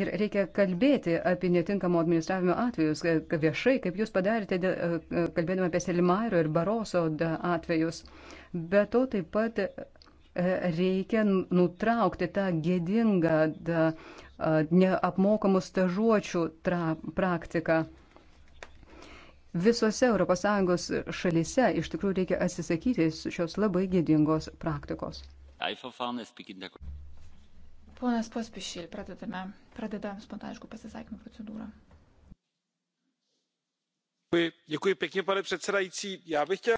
Speaker 3: ir reikia kalbėti apie netinkamo administravimo atvejus viešai, kaip jūs padarėte, kalbėdami apie Selimairo ir Baroso atvejus. Be to taip pat e, reikia nutraukti tą gėdingą neapmokamų stažuočių praktiką. Visose ES šalise iš tikrųjų reikia atsisakyti šios labai gėdingos praktikos. Ponas
Speaker 2: Pospišil, pradedame, pradedame spontaniškų pasisakymų procedūrą.
Speaker 3: Děkuji pěkně, pane předsedající. Já bych chtěl...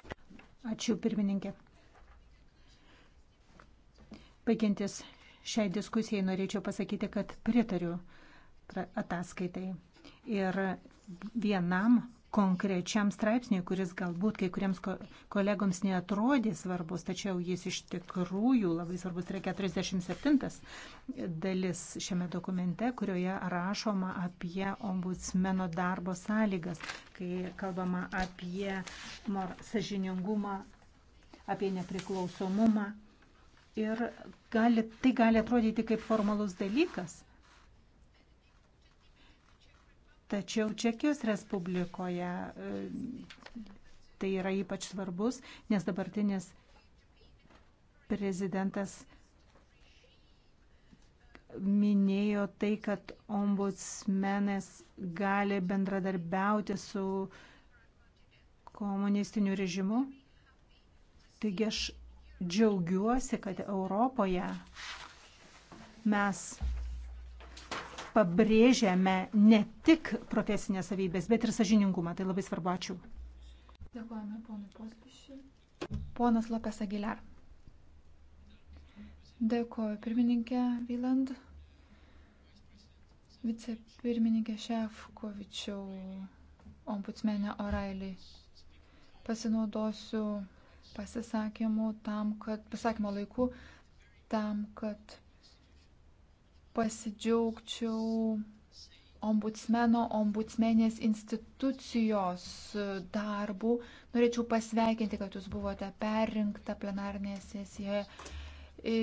Speaker 2: Ačiū, pirmininkė.
Speaker 1: Baigiantis šiai diskusijai norėčiau pasakyti, kad pritariu ataskaitai. Ir vienam konkrečiam straipsniui, kuris galbūt kai kuriems kolegoms neatrodys svarbus, tačiau jis iš tikrųjų labai svarbus yra 47 dalis šiame dokumente, kurioje rašoma apie ombudsmeno darbo sąlygas, kai kalbama apie sažiningumą, apie nepriklausomumą. Ir gali, tai gali atrodyti kaip formalus dalykas, Tačiau Čekijos Respublikoje e, tai yra ypač svarbus, nes dabartinis prezidentas minėjo tai, kad ombudsmenas gali bendradarbiauti su komunistiniu režimu. Taigi aš džiaugiuosi, kad Europoje mes pabrėžiame ne tik profesinės savybės, bet ir
Speaker 2: sažiningumą. Tai labai svarbu. Ačiū. Dėkojame ponui Poslišiui. Ponas Lopes Aguilar. Dėkoju pirmininkė Vyland, vicepirmininkė Šefkovičiau, ombudsmenė Orailį. Pasinaudosiu pasisakymu tam, kad pasakymo laiku tam, kad pasidžiaugčiau ombudsmeno, ombudsmenės institucijos e, darbų. Norėčiau pasveikinti, kad jūs buvote perrinkta plenarnėje sesijoje. E,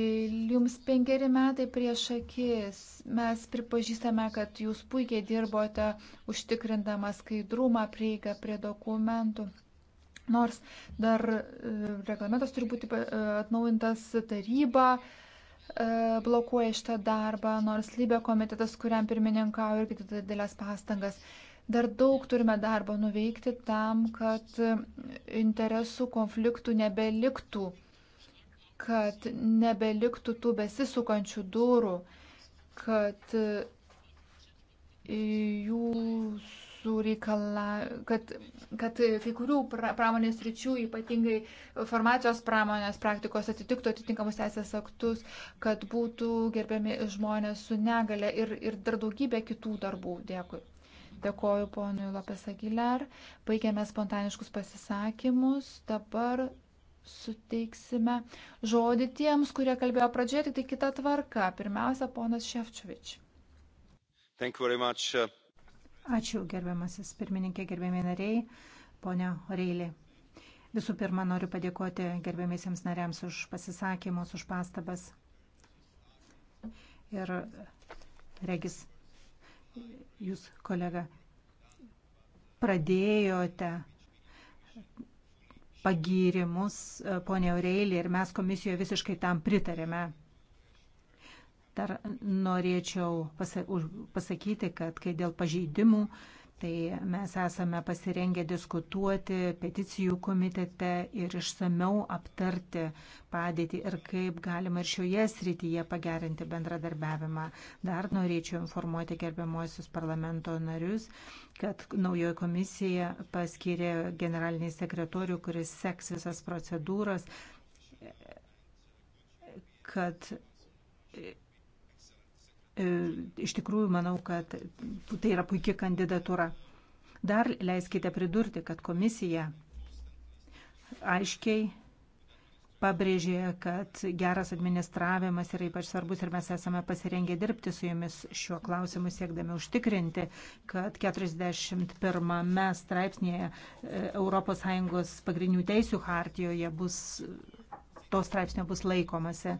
Speaker 2: jums penkeri metai prieš akis. Mes pripažįstame, kad jūs puikiai dirbote užtikrindama skaidrumą, prieigą prie dokumentų. Nors dar e, reglamentas turi būti atnaujintas taryba, E, blokuoja šitą darbą, nors Lybė komitetas, kuriam pirmininkauja, irgi didelės pastangas. Dar daug turime darbo nuveikti tam, kad interesų konfliktų nebeliktų, kad nebeliktų tų besisukančių durų, kad e, jūs reikala, kad, kad kai kurių pramonės ryčių, ypatingai farmacijos pramonės praktikos atitiktų atitinkamus teisės aktus, kad būtų gerbiami žmonės su negale ir, ir dar daugybė kitų darbų. Dėkui. Dėkoju ponui Lopes Aguilar. Baigėme spontaniškus pasisakymus. Dabar suteiksime žodį tiems, kurie kalbėjo pradžioje, tik tai kita tvarka. Pirmiausia, ponas Ševčiovič.
Speaker 1: Thank you very much. Uh... Ačiū, gerbiamasis pirmininkė, gerbiami nariai, ponia Reilė. Visų pirma, noriu padėkoti gerbiamiesiems nariams už pasisakymus, už pastabas. Ir regis, jūs, kolega, pradėjote pagyrimus e, ponia Reilė ir mes komisijoje visiškai tam pritarėme. Dar norėčiau pasakyti, kad kai dėl pažeidimų, tai mes esame pasirengę diskutuoti peticijų komitete ir išsameu aptarti padėtį ir kaip galima ir šioje srityje pagerinti bendradarbiavimą. Dar norėčiau informuoti gerbiamuosius parlamento narius, kad naujoji komisija paskyrė generalinį sekretorių, kuris seks visas procedūras, kad E, iš tikrųjų manau, kad tai yra puikia kandidatūra. Dar leiskite pridurti, kad komisija aiškiai pabrėžė, kad geras administravimas yra ypač svarbus ir mes esame pasirengę dirbti su jumis šiuo klausimu, siekdami užtikrinti, kad 41 straipsnėje ES pagrindinių teisių hartijoje bus to straipsnio bus laikomasi.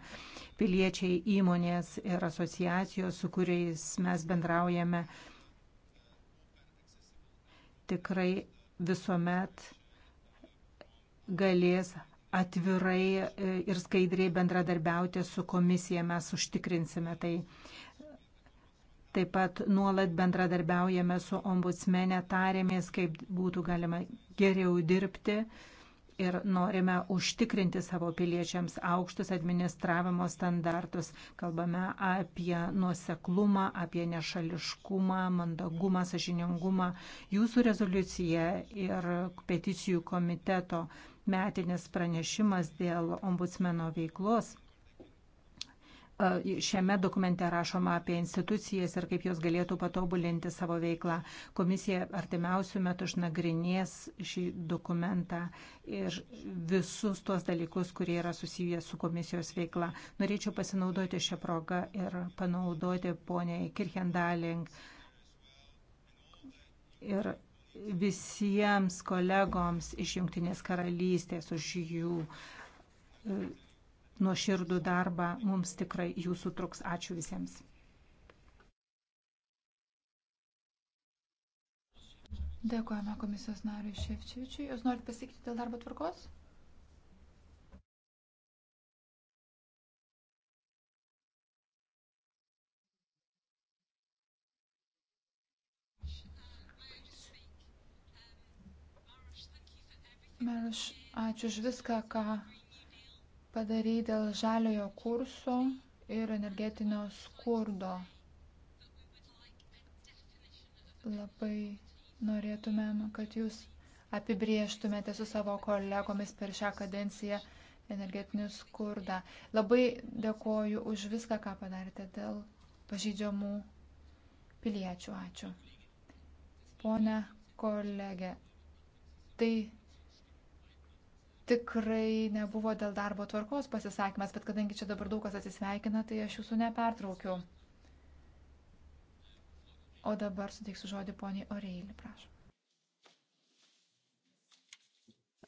Speaker 1: Piliečiai, įmonės ir asociacijos, su kuriais mes bendraujame, tikrai visuomet galės atvirai e, ir skaidriai bendradarbiauti su komisija. Mes užtikrinsime tai. Taip pat nuolat bendradarbiaujame su ombudsmenė, tarėmės, kaip būtų galima geriau dirbti ir norime užtikrinti savo piliečiams aukštus administravimo standartus. Kalbame apie nuoseklumą, apie nešališkumą, mandagumą, sažiningumą. Jūsų rezoliucija ir peticijų komiteto metinis pranešimas dėl ombudsmeno veiklos E, šiame dokumente rašoma apie institucijas ir kaip jos galėtų patobulinti savo veiklą. Komisija artimiausių metų išnagrinės šį dokumentą ir visus tuos dalykus, kurie yra susijęs su komisijos veikla. Norėčiau pasinaudoti šią progą ir panaudoti poniai Kirchendaling ir visiems kolegoms iš Junktinės karalystės už jų e, nuoširdų darbą. Mums tikrai jūsų truks. Ačiū visiems.
Speaker 2: Dėkojame komisijos nariui Ševčiovičiui. Jūs norite pasakyti dėl darbo tvarkos? Merš, ačiū už viską, ką padaryti dėl žaliojo kurso ir energetinio skurdo. Labai norėtumėm, kad jūs apibrieštumėte su savo kolegomis per šią kadenciją energetinį skurdą. Labai dėkoju už viską, ką padarėte dėl pažydžiamų piliečių. Ačiū. Pone kolegė, tai tikrai nebuvo dėl darbo tvarkos pasisakymas, bet kadangi čia dabar daug kas atsisveikina, tai aš jūsų nepertraukiau. O dabar suteiksiu žodį poniai Oreilį, prašom.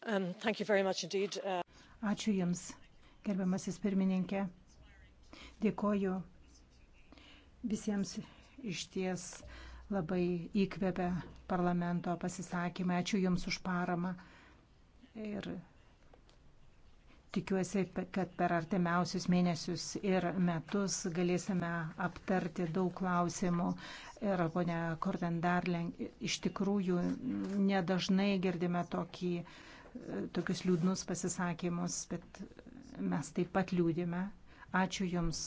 Speaker 1: Um, uh... Ačiū Jums, gerbiamasis pirmininkė. Dėkoju visiems iš ties labai įkvepia parlamento pasisakymą. Ačiū Jums už paramą. Ir Tikiuosi, kad per artimiausius mėnesius ir metus galėsime aptarti daug klausimų. Ir ponia Kortendarling, iš tikrųjų nedažnai girdime tokį, tokius liūdnus pasisakymus, bet mes taip pat liūdime. Ačiū Jums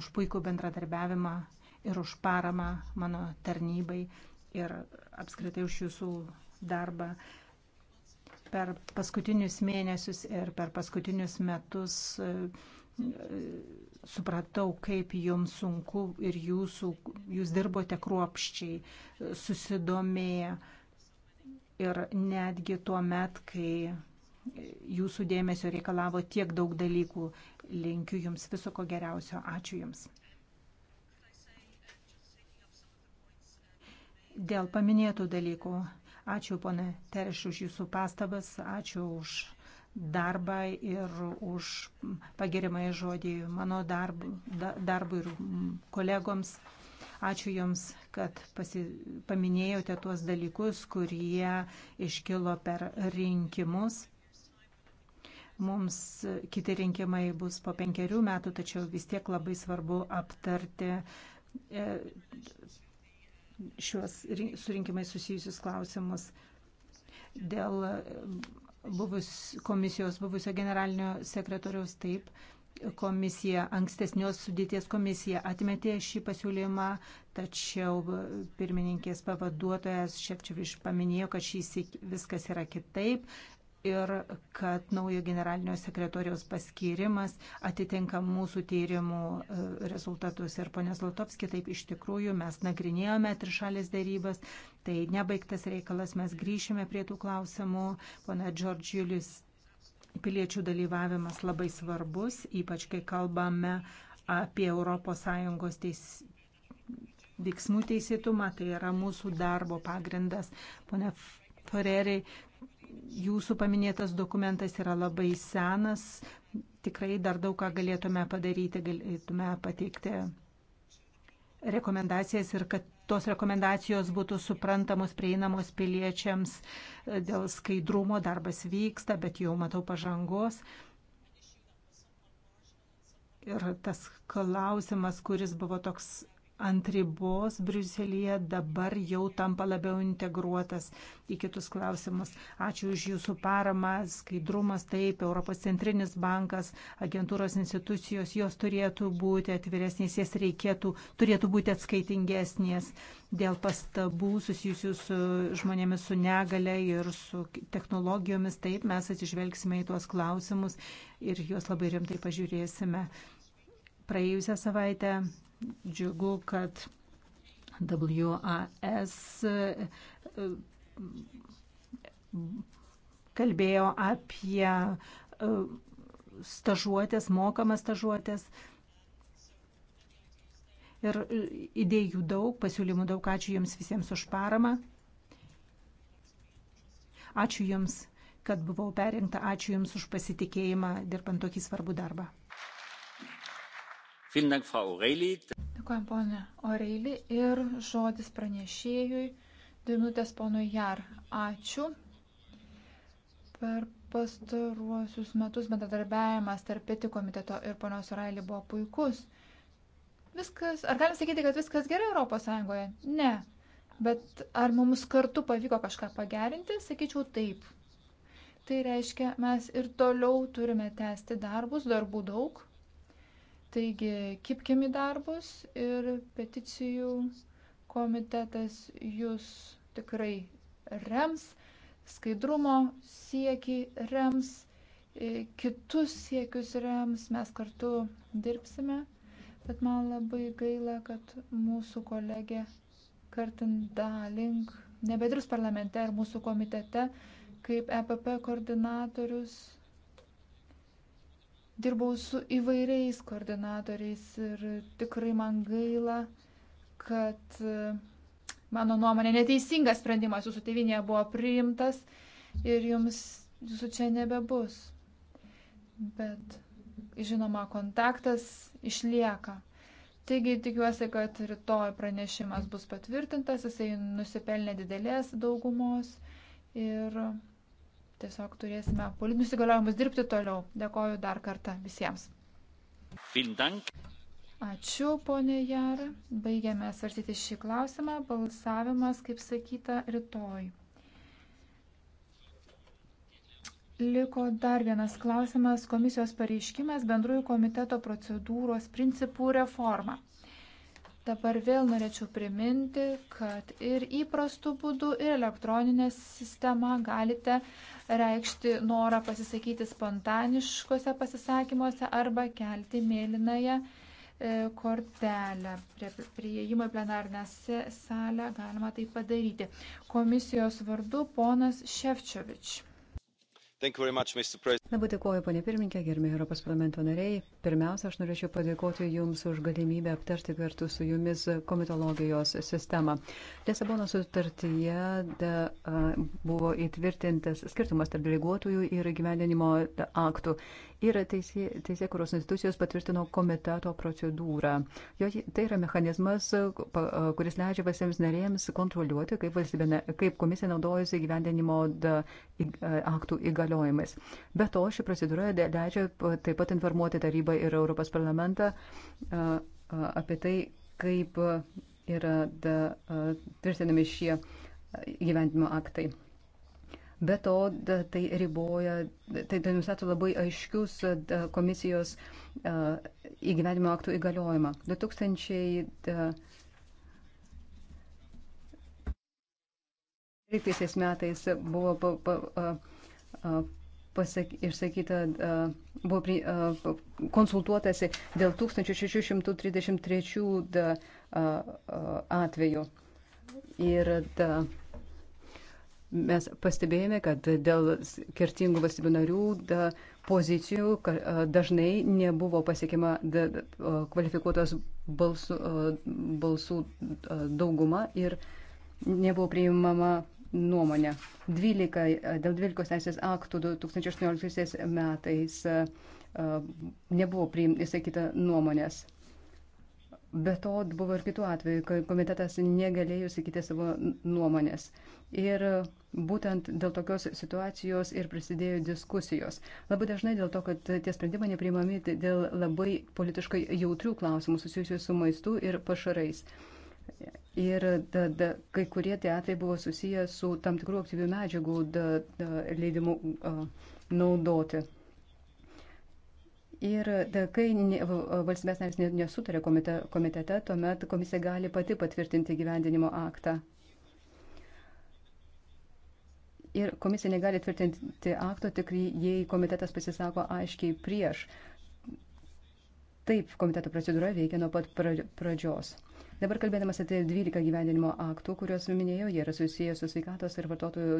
Speaker 1: už puikų bendradarbiavimą ir už paramą mano tarnybai ir apskritai už Jūsų darbą per paskutinius mėnesius ir per paskutinius metus e, supratau, kaip jums sunku ir jūsų, jūs dirbote kruopščiai, e, susidomėję. Ir netgi tuo met, kai jūsų dėmesio reikalavo tiek daug dalykų, linkiu jums viso ko geriausio. Ačiū jums. Dėl paminėtų dalykų Ačiū, ponė Tereš, už jūsų pastabas, ačiū už darbą ir už pagirimąją žodį mano darbui darb, ir kolegoms. Ačiū Jums, kad pasi, paminėjote tuos dalykus, kurie iškilo per rinkimus. Mums kiti rinkimai bus po penkerių metų, tačiau vis tiek labai svarbu aptarti e, šiuos surinkimai susijusius klausimus. Dėl buvus, komisijos buvusio generalinio sekretoriaus taip, komisija, ankstesnios sudėties komisija atmetė šį pasiūlymą, tačiau pirmininkės pavaduotojas Šepčioviš paminėjo, kad šį viskas yra kitaip, ir kad naujo generalinio sekretorijos paskirimas atitinka mūsų tyrimų e, rezultatus. Ir ponė Zlotovski, taip iš tikrųjų mes nagrinėjome trišalės darybas, tai nebaigtas reikalas, mes grįšime prie tų klausimų. Pone Džordžiulis, piliečių dalyvavimas labai svarbus, ypač kai kalbame apie ES teis, veiksmų teisėtumą, tai yra mūsų darbo pagrindas. Pone Ferreriai, jūsų paminėtas dokumentas yra labai senas, tikrai dar daug ką galėtume padaryti, galėtume pateikti rekomendacijas ir kad tos rekomendacijos būtų suprantamos, prieinamos piliečiams dėl skaidrumo, darbas vyksta, bet jau matau pažangos. Ir tas klausimas, kuris buvo toks ant ribos Briuselėje dabar jau tampa labiau integruotas į kitus klausimus. Ačiū už Jūsų paramą, skaidrumas taip, Europos centrinis bankas, agentūros institucijos, jos turėtų būti atviresnės, jas reikėtų, turėtų būti atskaitingesnės dėl pastabų susijusių su žmonėmis su negale ir su technologijomis. Taip, mes atsižvelgsime į tuos klausimus ir juos labai rimtai pažiūrėsime. Praėjusią savaitę Džiugu, kad WAS e, kalbėjo apie e, stažuotės, mokamas stažuotės. Ir idėjų daug, pasiūlymų daug. Ačiū Jums visiems už paramą. Ačiū Jums, kad buvau perinkta. Ačiū Jums už pasitikėjimą dirbant tokį
Speaker 2: svarbų darbą. Dėkuojam, ponė Oreilį. Ir žodis pranešėjui. Dvi minutės ponui Jar. Ačiū. Per pastaruosius metus bendradarbiavimas tarp peti komiteto ir ponios Oreilį buvo puikus. Viskas, ar galim sakyti, kad viskas gerai Europos Sąjungoje? Ne. Bet ar mums kartu pavyko kažką pagerinti? Sakyčiau taip. Tai reiškia, mes ir toliau turime tęsti darbus, darbų daug. Taigi, kipkim į darbus ir peticijų komitetas jūs tikrai rems, skaidrumo sieki rems, e, kitus siekius rems, mes kartu dirbsime, bet man labai gaila, kad mūsų kolegė Kartindalink nebedirbs parlamente ar mūsų komitete kaip EPP koordinatorius dirbau su įvairiais koordinatoriais ir tikrai man gaila, kad e, mano nuomonė neteisingas sprendimas jūsų tevinėje buvo priimtas ir jums jūsų čia nebebus. Bet žinoma, kontaktas išlieka. Taigi tikiuosi, kad rytoj pranešimas bus patvirtintas, jisai nusipelnė didelės daugumos ir tiesiog turėsime politinius įgaliojimus dirbti toliau. Dėkoju dar kartą visiems. Ačiū, ponė Jar. Baigiame svarstyti šį klausimą. Balsavimas, kaip sakyta, rytoj. Liko dar vienas klausimas - komisijos pareiškimas bendrųjų komiteto procedūros principų reforma. Dabar vėl norėčiau priminti, kad ir įprastų būdų, ir elektroninė sistema galite reikšti norą pasisakyti spontaniškose pasisakymuose arba kelti mėlynąją e, kortelę. Prie prieėjimo į plenarnę salę galima tai padaryti. Komisijos vardu
Speaker 3: ponas Ševčiovič. Labai dėkuoju, ponė pirmininkė, gerbėjai Europos parlamento nariai. Pirmiausia, aš norėčiau padėkoti Jums už galimybę aptarti kartu su Jumis komitologijos sistemą. Lisabono sutartyje da, buvo įtvirtintas skirtumas tarp deleguotojų ir gyvendinimo aktų ir teisė, teisė kuros institucijos patvirtino komiteto procedūrą. Jo, tai yra mechanizmas, kuris leidžia valstybėms narėms kontroliuoti, kaip, valstybė, kaip komisija naudojasi gyvendinimo aktų įgaliojimais. Be to, ši procedūra leidžia taip pat informuoti tarybą ir Europos parlamentą apie tai, kaip yra tvirtinami šie gyvendimo aktai. Be to, tai riboja, tai, tai nustato labai aiškius komisijos įgyvenimo aktų įgaliojimą. 2000. 2013 metais buvo pa, pa, pa, pasak, išsakyta, buvo pri, konsultuotasi dėl 1633 atvejų. Ir da, Mes pastebėjome, kad dėl skirtingų valstybių narių da, pozicijų dažnai nebuvo pasiekima da, kvalifikuotos balsų, balsų dauguma ir nebuvo priimama nuomonė. 12, dėl 12 teisės aktų 2018 metais nebuvo priimta įsakyta nuomonės. Be to buvo ir kitų atvejų, kai komitetas negalėjo sakyti savo nuomonės. Ir būtent dėl tokios situacijos ir prasidėjo diskusijos. Labai dažnai dėl to, kad tie sprendimai nepriimami dėl labai politiškai jautrių klausimų susijusių su maistu ir pašarais. Ir tada kai kurie tie atvejai buvo susiję su tam tikrų aktyvių medžiagų da, da, leidimu a, naudoti. Ir da, kai valstybės narės nesutarė komite, komitete, tuomet komisija gali pati patvirtinti gyvendinimo aktą. Ir komisija negali tvirtinti akto tik jei komitetas pasisako aiškiai prieš. Taip komiteto procedūra veikia nuo pat pradžios. Dabar kalbėdamas apie 12 gyvendinimo aktų, kuriuos minėjau, jie yra susijęs su sveikatos ir vartotojų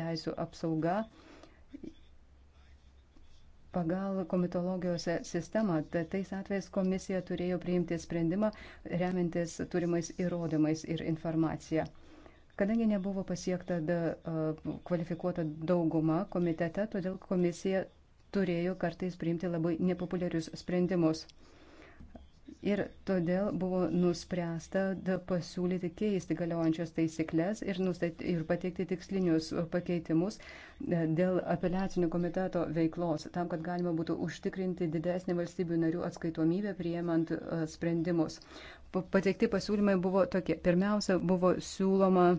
Speaker 3: teisų apsauga. Uh, Pagal komitologijos sistemą, tais atvejais komisija turėjo priimti sprendimą remiantis turimais įrodymais ir informacija. Kadangi nebuvo pasiekta da, kvalifikuota dauguma komitete, todėl komisija turėjo kartais priimti labai nepopuliarius sprendimus. Ir todėl buvo nuspręsta pasiūlyti keisti galiojančias taisyklės ir, nustaty, ir pateikti tikslinius pakeitimus e, dėl apeliacinio komiteto veiklos, tam, kad galima būtų užtikrinti didesnį valstybių narių atskaitomybę priemant e, sprendimus. Pateikti pasiūlymai buvo tokie. Pirmiausia, buvo siūloma e,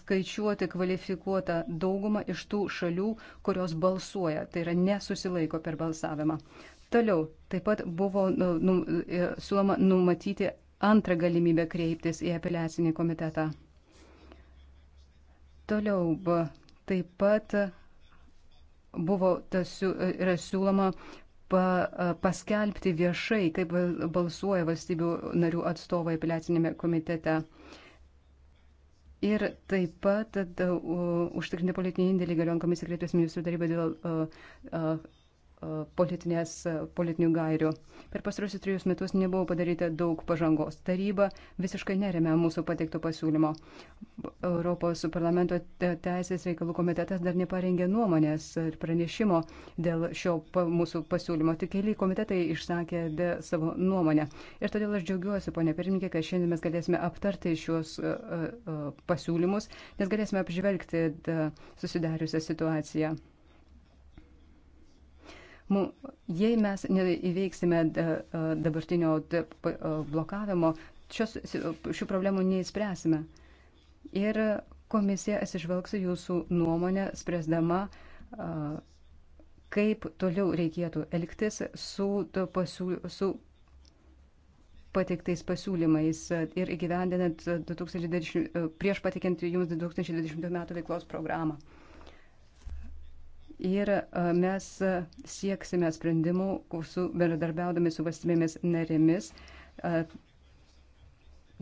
Speaker 3: skaičiuoti kvalifikuotą daugumą iš tų šalių, kurios balsuoja, tai yra nesusilaiko per balsavimą. Toliau taip pat buvo num, nu, e, siūloma numatyti antrą galimybę kreiptis į apeliacinį komitetą. Toliau taip pat buvo tas, e, yra siūloma pa, e, paskelbti viešai, kaip balsuoja valstybių narių atstovai apeliacinėme komitete. Ir taip pat tada, uh, užtikrinti politinį indėlį galiojant komisijai kreiptis ministrų tarybą dėl uh, uh, politinių gairių. Per pastarusius trijus metus nebuvo padaryta daug pažangos. Taryba visiškai neremia mūsų pateikto pasiūlymo. Europos parlamento teisės reikalų komitetas dar neparengė nuomonės ir pranešimo dėl šio mūsų pasiūlymo. Tik keli komitetai išsakė savo nuomonę. Ir todėl aš džiaugiuosi, ponė pirmininkė, kad šiandien mes galėsime aptarti šios pasiūlymus, nes galėsime apžvelgti susidariusią situaciją. Jei mes neįveiksime e, e, dabartinio e, blokavimo, šios, šių problemų neįspręsime. Ir komisija atsižvelgs jūsų nuomonę, spręsdama, kaip toliau reikėtų elgtis su, pasiūl su pateiktais pasiūlymais ir įgyvendinant 2020, prieš patikinti jums 2020 metų veiklos programą. Ir mes sieksime sprendimų, su, bendradarbiaudami su valstybėmis narėmis,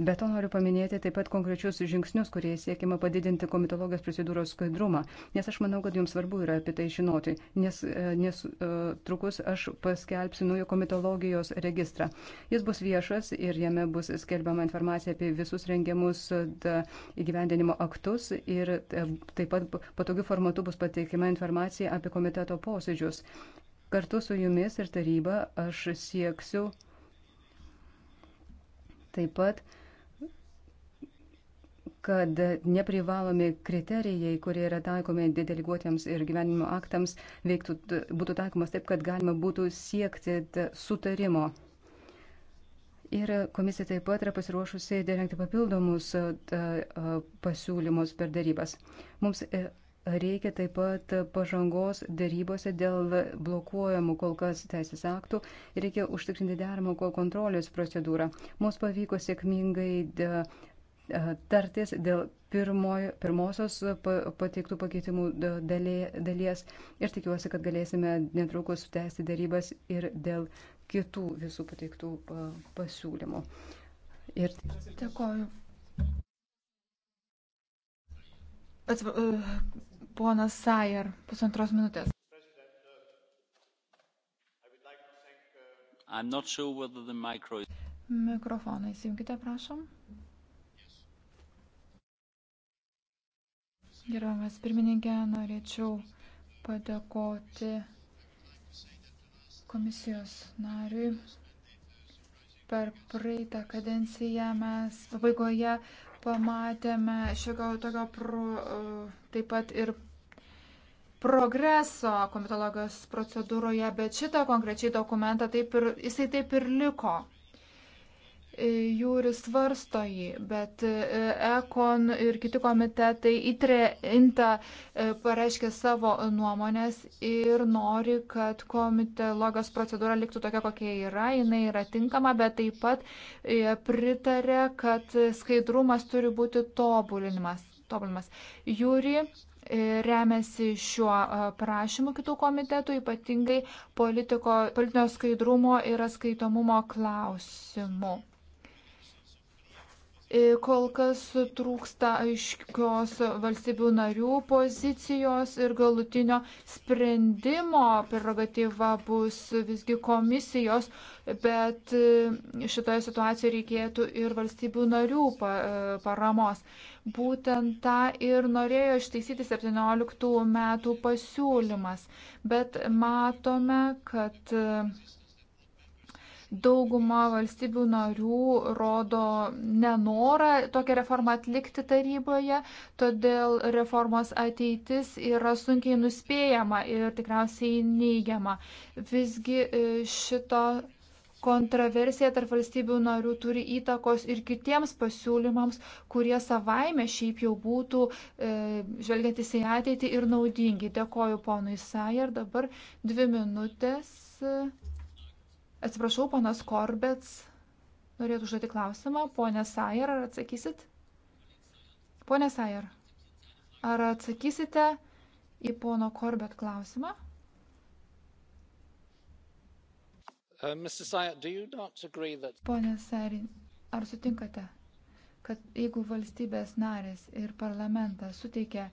Speaker 3: Be to noriu paminėti taip pat konkrečius žingsnius, kurie siekima padidinti komitologijos procedūros skaidrumą, nes aš manau, kad jums svarbu yra apie tai žinoti, nes, e, nes uh, trukus aš paskelbsiu naujo komitologijos registrą. Jis bus viešas ir jame bus skelbiama informacija apie visus rengiamus e, įgyvendinimo aktus ir taip pat patogiu formatu bus pateikima informacija apie komiteto posėdžius. Kartu su jumis ir taryba aš sieksiu taip pat uh, kad neprivalomi kriterijai, kurie yra taikomi deleguotiems ir gyvenimo aktams, veiktų, būtų taikomas taip, kad galima būtų siekti sutarimo. Ir komisija taip pat yra pasiruošusi derengti papildomus pasiūlymus per darybas. Mums e, reikia taip pat pažangos darybose dėl blokuojamų kol kas teisės aktų ir reikia užtikrinti deramo kontrolės procedūrą. Mums pavyko sėkmingai. De, tartis dėl pirmojo, pirmosios pateiktų pakeitimų dalies ir tikiuosi, kad galėsime netrukus tęsti darybas ir dėl kitų visų pateiktų pasiūlymų. Ir
Speaker 2: dėkoju. E, ponas Sajer, pusantros minutės. Mikrofoną įsijungite, prašom. Gerbiamas pirmininkė, norėčiau padėkoti komisijos nariui. Per praeitą kadenciją mes pabaigoje pamatėme šiokio tokio pro, taip pat ir progreso komitologijos procedūroje, bet šitą konkrečiai dokumentą taip ir, jisai taip ir liko jūri svarsto jį, bet e, Ekon ir kiti komitetai įtrė, inta e, pareiškė savo nuomonės ir nori, kad komitologijos procedūra liktų tokia, kokia yra, jinai yra tinkama, bet taip pat e, pritarė, kad skaidrumas turi būti tobulinimas. tobulinimas. Jūri remiasi šiuo prašymu kitų komitetų, ypatingai politiko, politinio skaidrumo ir atskaitomumo klausimu. E, kol kas trūksta aiškios valstybių narių pozicijos ir galutinio sprendimo prerogatyva bus visgi komisijos, bet e, šitoje situacijoje reikėtų ir valstybių narių e, paramos. Būtent tą ir norėjo ištaisyti 17 metų pasiūlymas, bet matome, kad dauguma valstybių narių rodo nenorą tokią reformą atlikti taryboje, todėl reformos ateitis yra sunkiai nuspėjama ir tikriausiai neigiama. Visgi e, šito kontroversija tarp valstybių narių turi įtakos ir kitiems pasiūlymams, kurie savaime šiaip jau būtų, e, žvelgiantis į ateitį, ir naudingi. Dėkoju ponui Sajer, dabar dvi minutės. E, Atsiprašau, ponas Korbets norėtų užduoti klausimą. Pone Sajer, ar atsakysit? Pone Sajer, ar atsakysite į pono Korbet klausimą? Uh, Sayer, that... Pone Sajer, ar sutinkate, kad jeigu valstybės narės ir parlamentas suteikia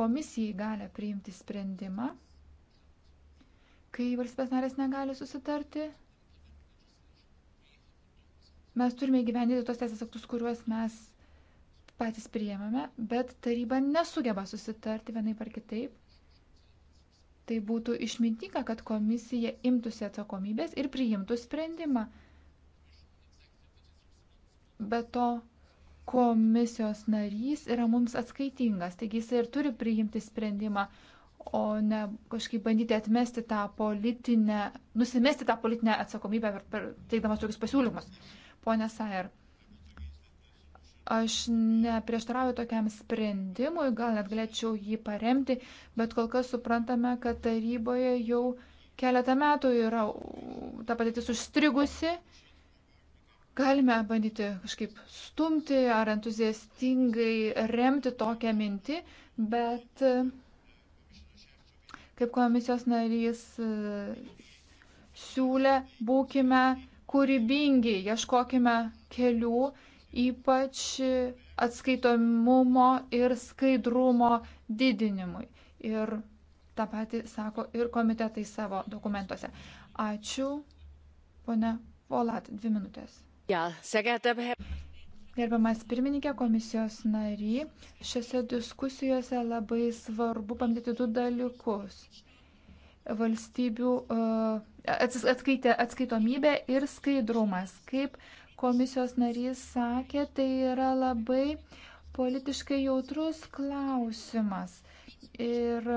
Speaker 2: komisijai galę priimti sprendimą, kai valstybės narės negali susitarti, Mes turime įgyvendinti tos teisės aktus, kuriuos mes patys priėmame, bet taryba nesugeba susitarti vienai par kitaip. Tai būtų išmintinga, kad komisija imtųsi atsakomybės ir priimtų sprendimą. Be to, komisijos narys yra mums atskaitingas, taigi jis ir turi priimti sprendimą, o ne kažkaip bandyti atmesti tą politinę, nusimesti tą politinę atsakomybę per, per teikdamas tokius pasiūlymus. Pone Sair, aš neprieštarauju tokiam sprendimui, gal net galėčiau jį paremti, bet kol kas suprantame, kad taryboje jau keletą metų yra ta padėtis užstrigusi. Galime bandyti kažkaip stumti ar entuziastingai remti tokią mintį, bet kaip komisijos narys e, siūlė, būkime kūrybingi, ieškokime kelių, ypač atskaitomumo ir skaidrumo didinimui. Ir tą patį sako ir komitetai savo dokumentuose. Ačiū, pone Volat, dvi minutės. Gerbiamas pirmininkė, komisijos nary, šiose diskusijose labai svarbu pamatyti du dalykus valstybių uh, atskaitė, atskaitomybė ir skaidrumas. Kaip komisijos narys sakė, tai yra labai politiškai jautrus klausimas. Ir